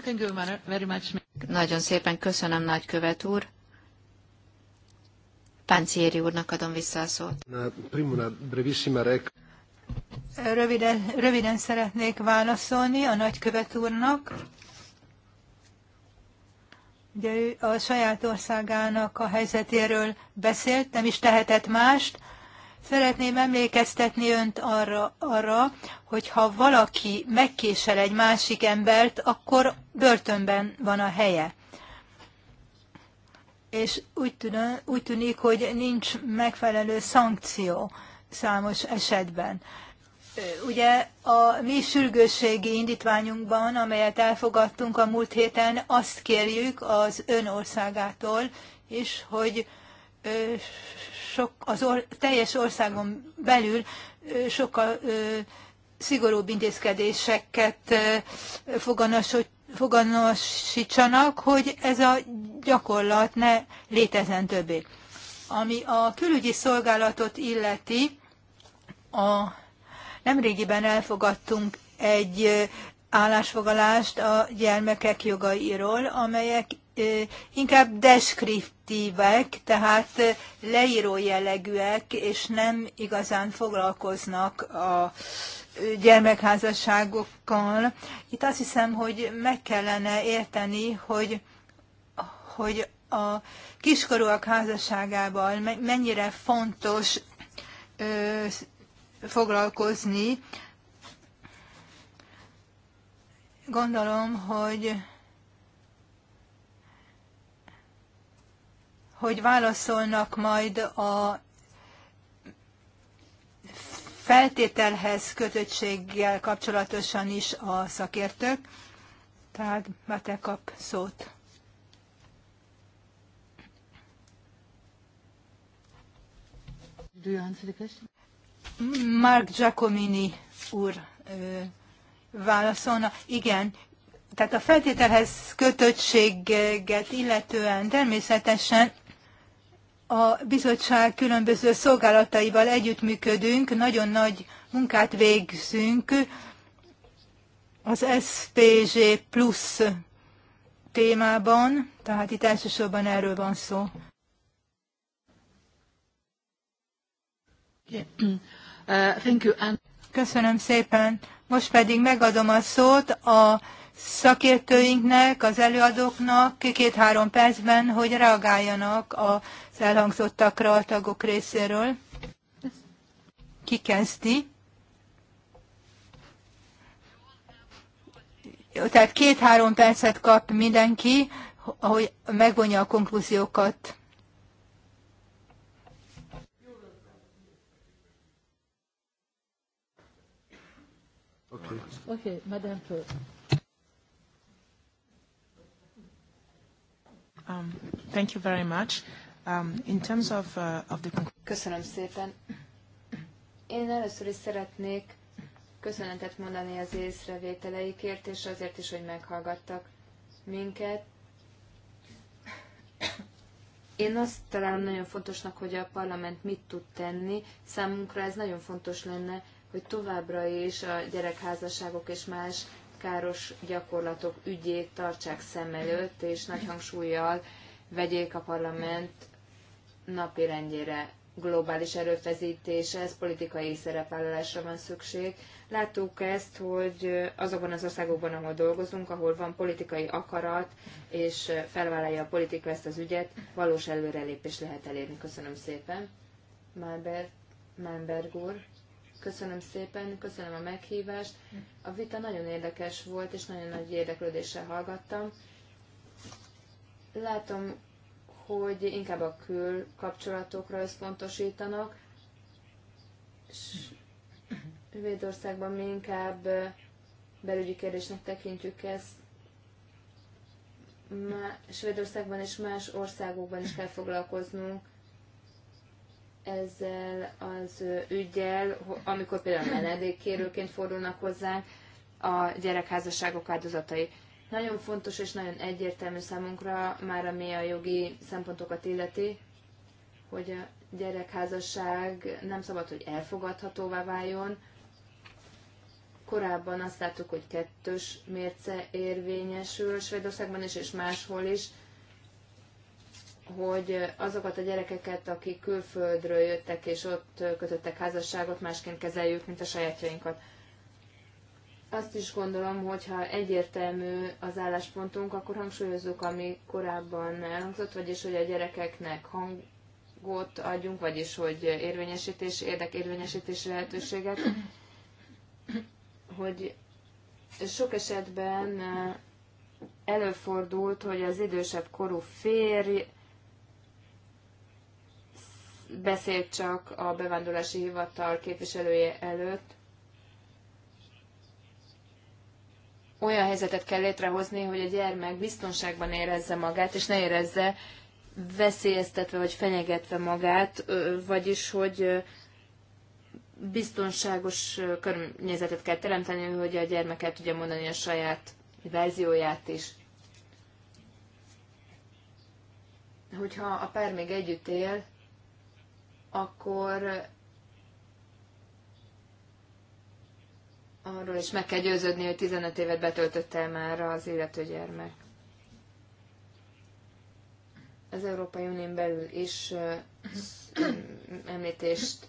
Thank you very much. Nagyon szépen köszönöm, nagykövet úr. Pánciéri úrnak adom vissza a szót. Röviden, röviden szeretnék válaszolni a nagykövet úrnak. Ugye ő a saját országának a helyzetéről beszélt, nem is tehetett mást. Szeretném emlékeztetni önt arra, arra hogy ha valaki megkésel egy másik embert, akkor börtönben van a helye. És úgy, tűn, úgy tűnik, hogy nincs megfelelő szankció számos esetben. Ugye a mi sürgősségi indítványunkban, amelyet elfogadtunk a múlt héten, azt kérjük az ön országától is, hogy sok, az or, teljes országon belül sokkal ö, szigorúbb intézkedéseket foganosítsanak, hogy ez a gyakorlat ne létezen többé. Ami a külügyi szolgálatot illeti, a Nemrégiben elfogadtunk egy állásfogalást a gyermekek jogairól, amelyek inkább deskriptívek, tehát leíró jellegűek, és nem igazán foglalkoznak a gyermekházasságokkal. Itt azt hiszem, hogy meg kellene érteni, hogy, hogy a kiskorúak házasságával mennyire fontos foglalkozni. Gondolom, hogy hogy válaszolnak majd a feltételhez kötöttséggel kapcsolatosan is a szakértők. Tehát már te kap szót. Do you answer the question? Mark Giacomini úr válaszolna. Igen, tehát a feltételhez kötöttséget illetően természetesen a bizottság különböző szolgálataival együttműködünk, nagyon nagy munkát végzünk az SPG plusz témában, tehát itt elsősorban erről van szó. Uh, Köszönöm szépen. Most pedig megadom a szót a szakértőinknek, az előadóknak két-három percben, hogy reagáljanak az elhangzottakra a tagok részéről. Ki kezdi? Tehát két-három percet kap mindenki, ahogy megvonja a konklúziókat. Okay, Fleur. Um, thank you very much. Um, in terms of, uh, of the... Köszönöm szépen. Én először is szeretnék köszönetet mondani az észrevételeikért, és azért is, hogy meghallgattak minket. Én azt találom nagyon fontosnak, hogy a parlament mit tud tenni. Számunkra ez nagyon fontos lenne, hogy továbbra is a gyerekházasságok és más káros gyakorlatok ügyét tartsák szem előtt, és nagy hangsúlyjal vegyék a parlament napi rendjére. Globális erőfezítése, ez politikai szerepvállalásra van szükség. Láttuk ezt, hogy azokban az országokban, ahol dolgozunk, ahol van politikai akarat, és felvállalja a politika ezt az ügyet, valós előrelépés lehet elérni. Köszönöm szépen. Málbert, úr. Köszönöm szépen, köszönöm a meghívást. A vita nagyon érdekes volt, és nagyon nagy érdeklődéssel hallgattam. Látom, hogy inkább a kül kapcsolatokra összpontosítanak, Védországban mi inkább belügyi kérdésnek tekintjük ezt. Svédországban és más országokban is kell foglalkoznunk ezzel az ügyel, amikor például menedékkérőként fordulnak hozzánk a gyerekházasságok áldozatai. Nagyon fontos és nagyon egyértelmű számunkra, már ami a jogi szempontokat illeti, hogy a gyerekházasság nem szabad, hogy elfogadhatóvá váljon. Korábban azt láttuk, hogy kettős mérce érvényesül Svédországban is, és máshol is, hogy azokat a gyerekeket, akik külföldről jöttek és ott kötöttek házasságot, másként kezeljük, mint a sajátjainkat. Azt is gondolom, hogy ha egyértelmű az álláspontunk, akkor hangsúlyozzuk, ami korábban elhangzott, vagyis hogy a gyerekeknek hangot adjunk, vagyis hogy érvényesítés, érdekérvényesítési lehetőséget, hogy sok esetben előfordult, hogy az idősebb korú férj, beszélt csak a bevándorlási hivatal képviselője előtt. Olyan helyzetet kell létrehozni, hogy a gyermek biztonságban érezze magát, és ne érezze veszélyeztetve vagy fenyegetve magát, vagyis hogy biztonságos környezetet kell teremteni, hogy a gyermek el tudja mondani a saját verzióját is. Hogyha a pár még együtt él, akkor eh, arról is meg kell győződni, hogy 15 évet betöltött el már az illető gyermek. Az Európai Unión belül is eh, említést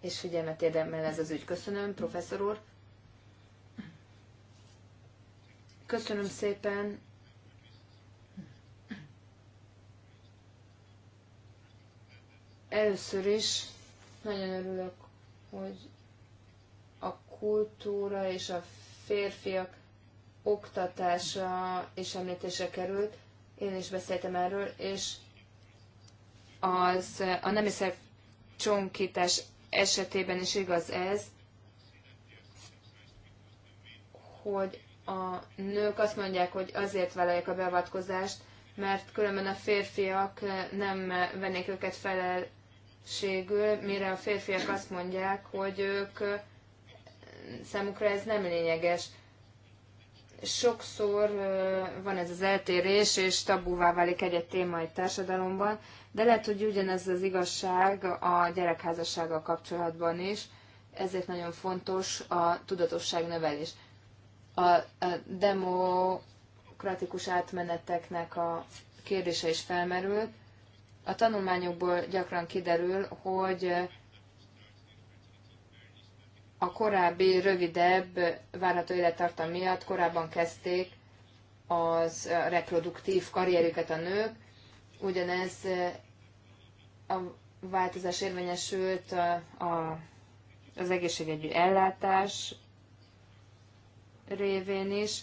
és figyelmet érdemel ez az ügy. Köszönöm, professzor úr. Köszönöm szépen Először is nagyon örülök, hogy a kultúra és a férfiak oktatása és említése került. Én is beszéltem erről, és az, a nemi csonkítás esetében is igaz ez, hogy a nők azt mondják, hogy azért vállalják a beavatkozást, mert különben a férfiak nem vennék őket felel, segítségül, mire a férfiak azt mondják, hogy ők számukra ez nem lényeges. Sokszor van ez az eltérés, és tabúvá válik egy-egy téma egy társadalomban, de lehet, hogy ugyanez az igazság a gyerekházassággal kapcsolatban is, ezért nagyon fontos a tudatosság növelés. A, a demokratikus átmeneteknek a kérdése is felmerült, a tanulmányokból gyakran kiderül, hogy a korábbi, rövidebb várható élettartam miatt korábban kezdték az reproduktív karrierüket a nők, ugyanez a változás érvényesült a, a, az egészségügyi ellátás révén is.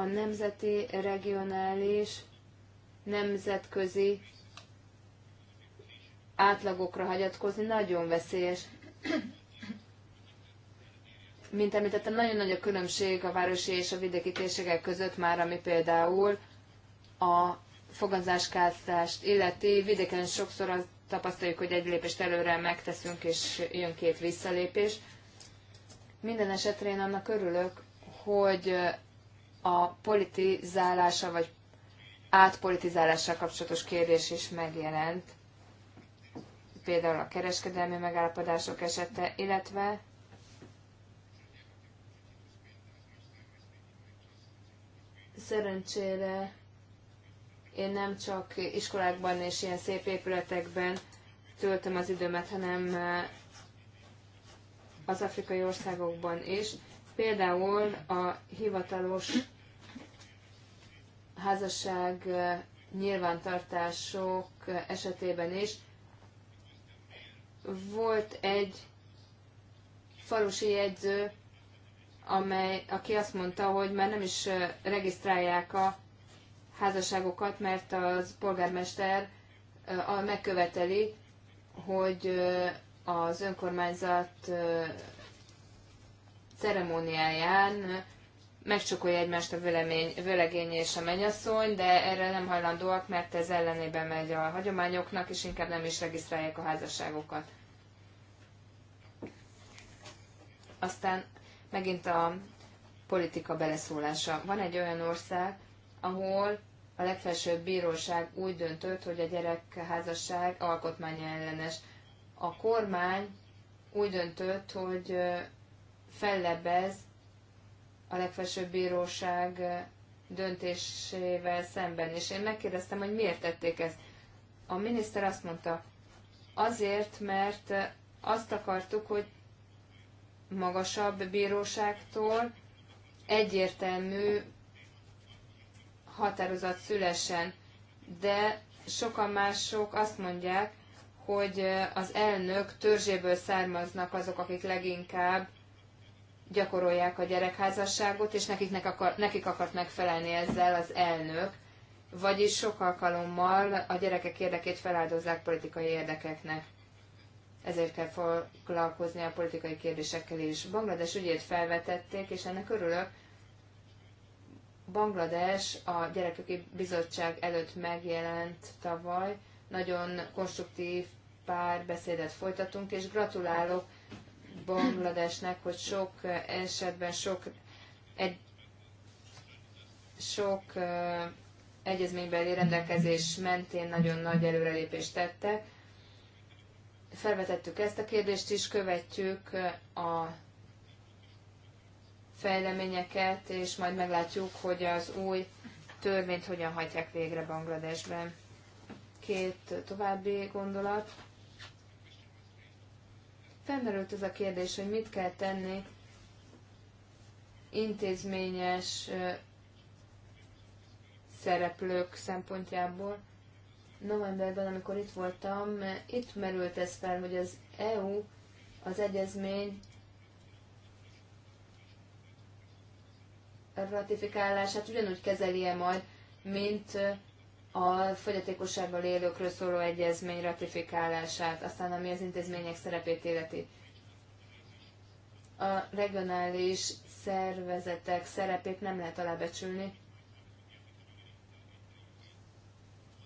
a nemzeti, regionális, nemzetközi átlagokra hagyatkozni nagyon veszélyes. Mint említettem, nagyon nagy a különbség a városi és a vidéki térségek között már, ami például a fogazáskáztást illeti. Vidéken sokszor azt tapasztaljuk, hogy egy lépést előre megteszünk, és jön két visszalépés. Minden esetre én annak örülök, hogy a politizálása vagy átpolitizálással kapcsolatos kérdés is megjelent, például a kereskedelmi megállapodások esete, illetve szerencsére én nem csak iskolákban és ilyen szép épületekben töltöm az időmet, hanem eh, az afrikai országokban is. Például a hivatalos házasság nyilvántartások esetében is volt egy falusi jegyző, amely, aki azt mondta, hogy már nem is regisztrálják a házasságokat, mert az polgármester megköveteli, hogy az önkormányzat ceremóniáján megcsukolja egymást a vélemény, vőlegény és a mennyasszony, de erre nem hajlandóak, mert ez ellenében megy a hagyományoknak, és inkább nem is regisztrálják a házasságokat. Aztán megint a politika beleszólása. Van egy olyan ország, ahol a legfelsőbb bíróság úgy döntött, hogy a gyerekházasság alkotmány ellenes. A kormány úgy döntött, hogy fellebbez a legfelsőbb bíróság döntésével szemben. És én megkérdeztem, hogy miért tették ezt. A miniszter azt mondta, azért, mert azt akartuk, hogy magasabb bíróságtól egyértelmű határozat szülesen, de sokan mások azt mondják, hogy az elnök törzséből származnak azok, akik leginkább gyakorolják a gyerekházasságot, és nekik akar, nekik akart megfelelni ezzel az elnök, vagyis sok alkalommal a gyerekek érdekét feláldozzák politikai érdekeknek. Ezért kell foglalkozni a politikai kérdésekkel is. Banglades ügyét felvetették, és ennek örülök. Banglades a Gyerekjogi Bizottság előtt megjelent tavaly. Nagyon konstruktív pár beszédet folytatunk, és gratulálok Bangladesnek, hogy sok esetben sok, egy, sok egyezménybeli rendelkezés mentén nagyon nagy előrelépést tettek. Felvetettük ezt a kérdést is, követjük a fejleményeket, és majd meglátjuk, hogy az új törvényt hogyan hagyják végre Bangladesben. Két további gondolat. Felmerült ez a kérdés, hogy mit kell tenni intézményes szereplők szempontjából. Novemberben, amikor itt voltam, itt merült ez fel, hogy az EU, az egyezmény ratifikálását ugyanúgy kezeli-e majd, mint a fogyatékossággal élőkről szóló egyezmény ratifikálását, aztán ami az intézmények szerepét életi. A regionális szervezetek szerepét nem lehet alábecsülni.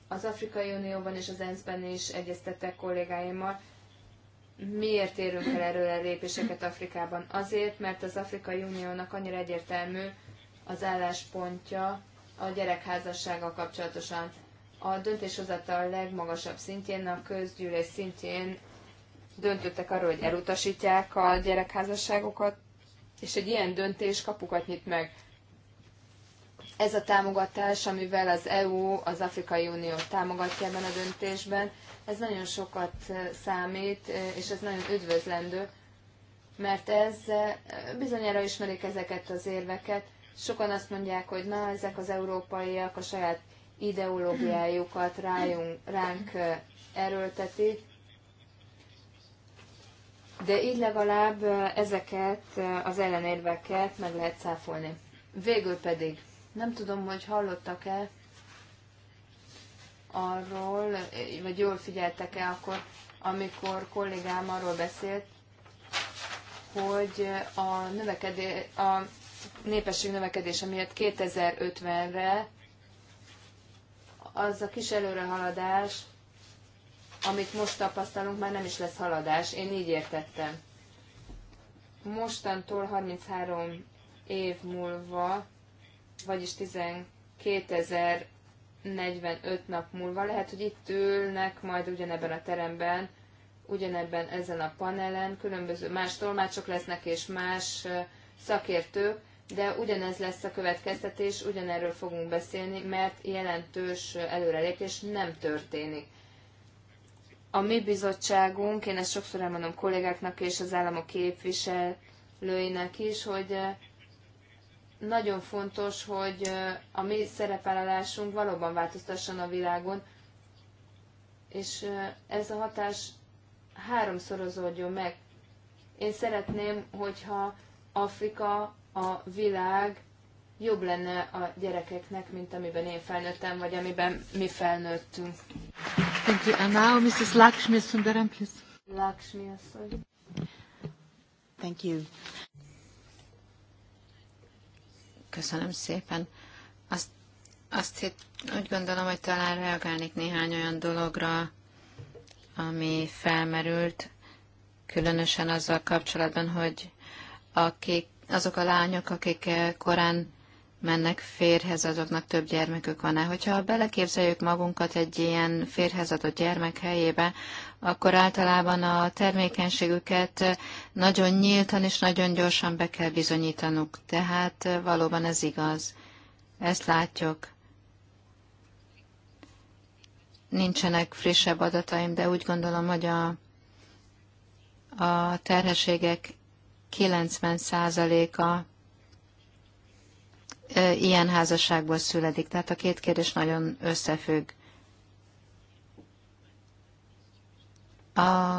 Az Afrikai Unióban és az ENSZ-ben is egyeztettek kollégáimmal, miért érünk el erről a lépéseket Afrikában? Azért, mert az Afrikai Uniónak annyira egyértelmű az álláspontja, a gyerekházassággal kapcsolatosan. A döntéshozatal legmagasabb szintjén, a közgyűlés szintjén döntöttek arról, hogy elutasítják a gyerekházasságokat, és egy ilyen döntés kapukat nyit meg. Ez a támogatás, amivel az EU, az Afrikai Unió támogatja ebben a döntésben, ez nagyon sokat számít, és ez nagyon üdvözlendő, mert ez bizonyára ismerik ezeket az érveket, Sokan azt mondják, hogy na, ezek az európaiak a saját ideológiájukat rájunk, ránk erőltetik, de így legalább ezeket az ellenérveket meg lehet száfolni. Végül pedig, nem tudom, hogy hallottak-e arról, vagy jól figyeltek-e akkor, amikor kollégám arról beszélt, hogy a, növekedé, a népesség növekedése miatt 2050-re az a kis előrehaladás, amit most tapasztalunk, már nem is lesz haladás. Én így értettem. Mostantól 33 év múlva, vagyis 12.045 nap múlva, lehet, hogy itt ülnek majd ugyanebben a teremben, ugyanebben ezen a panelen, különböző más tolmácsok lesznek és más szakértők, de ugyanez lesz a következtetés, ugyanerről fogunk beszélni, mert jelentős előrelépés nem történik. A mi bizottságunk, én ezt sokszor elmondom kollégáknak és az államok képviselőinek is, hogy nagyon fontos, hogy a mi szerepállásunk valóban változtasson a világon, és ez a hatás háromszorozódjon meg. Én szeretném, hogyha Afrika a világ jobb lenne a gyerekeknek, mint amiben én felnőttem, vagy amiben mi felnőttünk. Thank you. And now Mrs. Lakshmi Sundaram, please. Lakshmi asszony. Thank you. Köszönöm szépen. Azt, azt hitt, úgy gondolom, hogy talán reagálnék néhány olyan dologra, ami felmerült, különösen azzal kapcsolatban, hogy akik azok a lányok, akik eh, korán mennek férhez, azoknak több gyermekük van-e. Hogyha beleképzeljük magunkat egy ilyen férhez adott gyermek helyébe, akkor általában a termékenységüket eh, nagyon nyíltan és nagyon gyorsan be kell bizonyítanuk. Tehát eh, valóban ez igaz. Ezt látjuk. Nincsenek frissebb adataim, de úgy gondolom, hogy a, a terhességek 90%-a ilyen házasságból születik. Tehát a két kérdés nagyon összefügg. A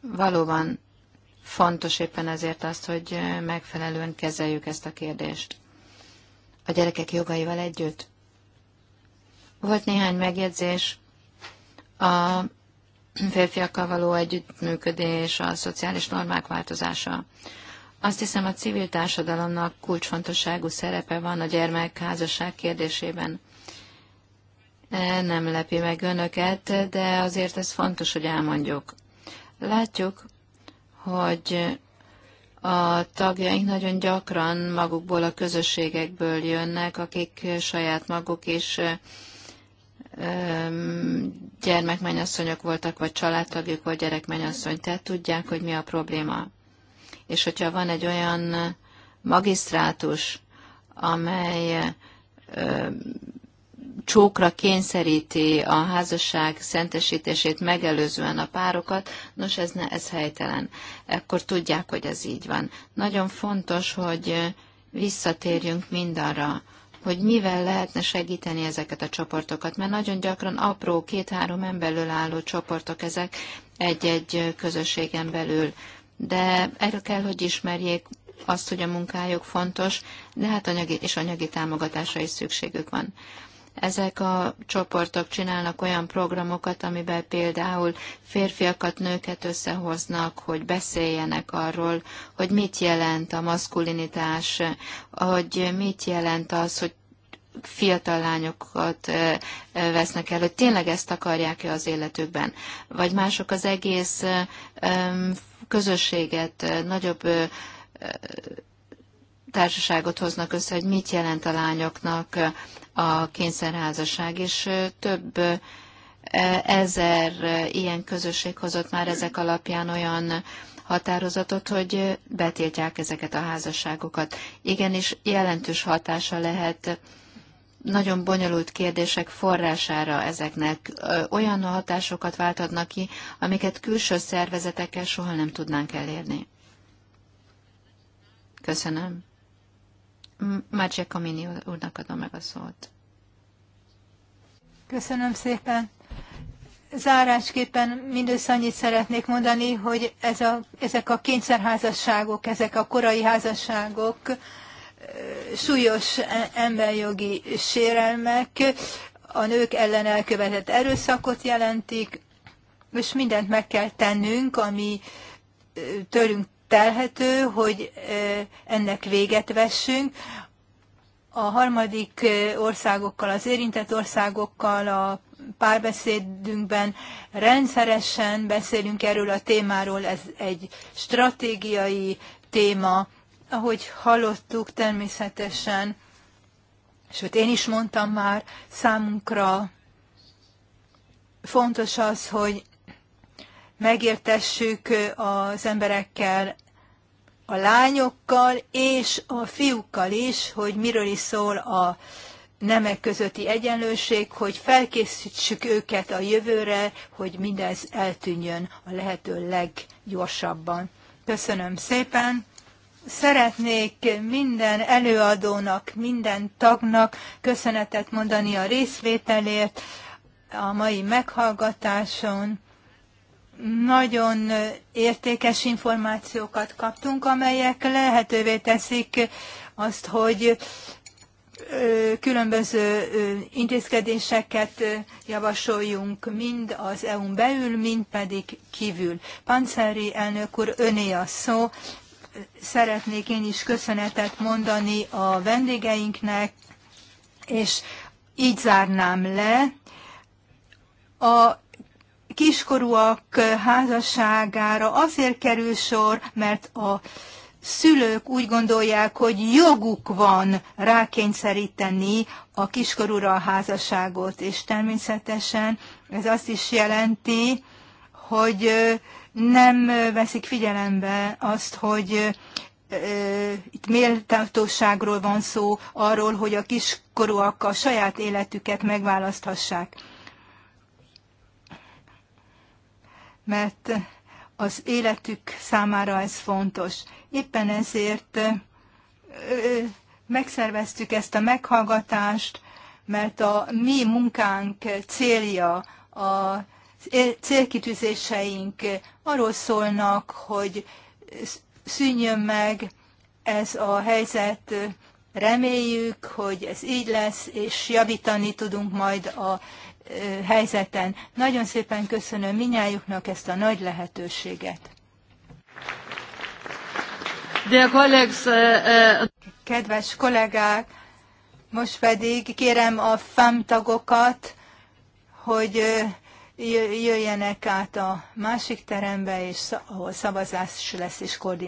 valóban fontos éppen ezért azt, hogy megfelelően kezeljük ezt a kérdést. A gyerekek jogaival együtt. Volt néhány megjegyzés a férfiakkal való együttműködés, a szociális normák változása. Azt hiszem, a civil társadalomnak kulcsfontosságú szerepe van a gyermekházasság kérdésében. E, nem lepi meg önöket, de azért ez fontos, hogy elmondjuk. Látjuk, hogy a tagjaink nagyon gyakran magukból a közösségekből jönnek, akik saját maguk is gyermekmenyasszonyok voltak, vagy családtagjuk vagy gyerekmenyasszony, tehát tudják, hogy mi a probléma. És hogyha van egy olyan magisztrátus, amely csókra kényszeríti a házasság szentesítését megelőzően a párokat, nos ez, ne, ez helytelen. Ekkor tudják, hogy ez így van. Nagyon fontos, hogy visszatérjünk mindarra, hogy mivel lehetne segíteni ezeket a csoportokat, mert nagyon gyakran apró, két-három emberből álló csoportok ezek egy-egy közösségen belül. De erre kell, hogy ismerjék azt, hogy a munkájuk fontos, de hát anyagi és anyagi támogatásra is szükségük van. Ezek a csoportok csinálnak olyan programokat, amiben például férfiakat, nőket összehoznak, hogy beszéljenek arról, hogy mit jelent a maszkulinitás, hogy mit jelent az, hogy fiatal lányokat vesznek el, hogy tényleg ezt akarják-e az életükben. Vagy mások az egész közösséget, nagyobb társaságot hoznak össze, hogy mit jelent a lányoknak a kényszerházasság, és több e, ezer ilyen közösség hozott már ezek alapján olyan határozatot, hogy betiltják ezeket a házasságokat. Igenis jelentős hatása lehet nagyon bonyolult kérdések forrására ezeknek. Olyan hatásokat válthatnak ki, amiket külső szervezetekkel soha nem tudnánk elérni. Köszönöm. Marce Kamini úrnak adom meg a szót. Köszönöm szépen. Zárásképpen mindössze annyit szeretnék mondani, hogy ez a, ezek a kényszerházasságok, ezek a korai házasságok súlyos emberjogi sérelmek, a nők ellen elkövetett erőszakot jelentik, és mindent meg kell tennünk, ami tőlünk telhető, hogy ennek véget vessünk. A harmadik országokkal, az érintett országokkal a párbeszédünkben rendszeresen beszélünk erről a témáról, ez egy stratégiai téma, ahogy hallottuk természetesen, sőt én is mondtam már, számunkra fontos az, hogy megértessük az emberekkel, a lányokkal és a fiúkkal is, hogy miről is szól a nemek közötti egyenlőség, hogy felkészítsük őket a jövőre, hogy mindez eltűnjön a lehető leggyorsabban. Köszönöm szépen! Szeretnék minden előadónak, minden tagnak köszönetet mondani a részvételért a mai meghallgatáson nagyon értékes információkat kaptunk, amelyek lehetővé teszik azt, hogy különböző intézkedéseket javasoljunk mind az EU-n belül, mind pedig kívül. Panceri elnök úr, öné a szó. Szeretnék én is köszönetet mondani a vendégeinknek, és így zárnám le. A kiskorúak házasságára azért kerül sor, mert a szülők úgy gondolják, hogy joguk van rákényszeríteni a kiskorúra a házasságot, és természetesen ez azt is jelenti, hogy nem veszik figyelembe azt, hogy itt méltatóságról van szó, arról, hogy a kiskorúak a saját életüket megválaszthassák. mert az életük számára ez fontos. Éppen ezért megszerveztük ezt a meghallgatást, mert a mi munkánk célja, a célkitűzéseink arról szólnak, hogy szűnjön meg ez a helyzet, reméljük, hogy ez így lesz, és javítani tudunk majd a helyzeten. Nagyon szépen köszönöm minnyájuknak ezt a nagy lehetőséget. Uh, uh, Kedves kollégák, most pedig kérem a FEM tagokat, hogy jöjjenek át a másik terembe, és ahol szavazás lesz és koordináció.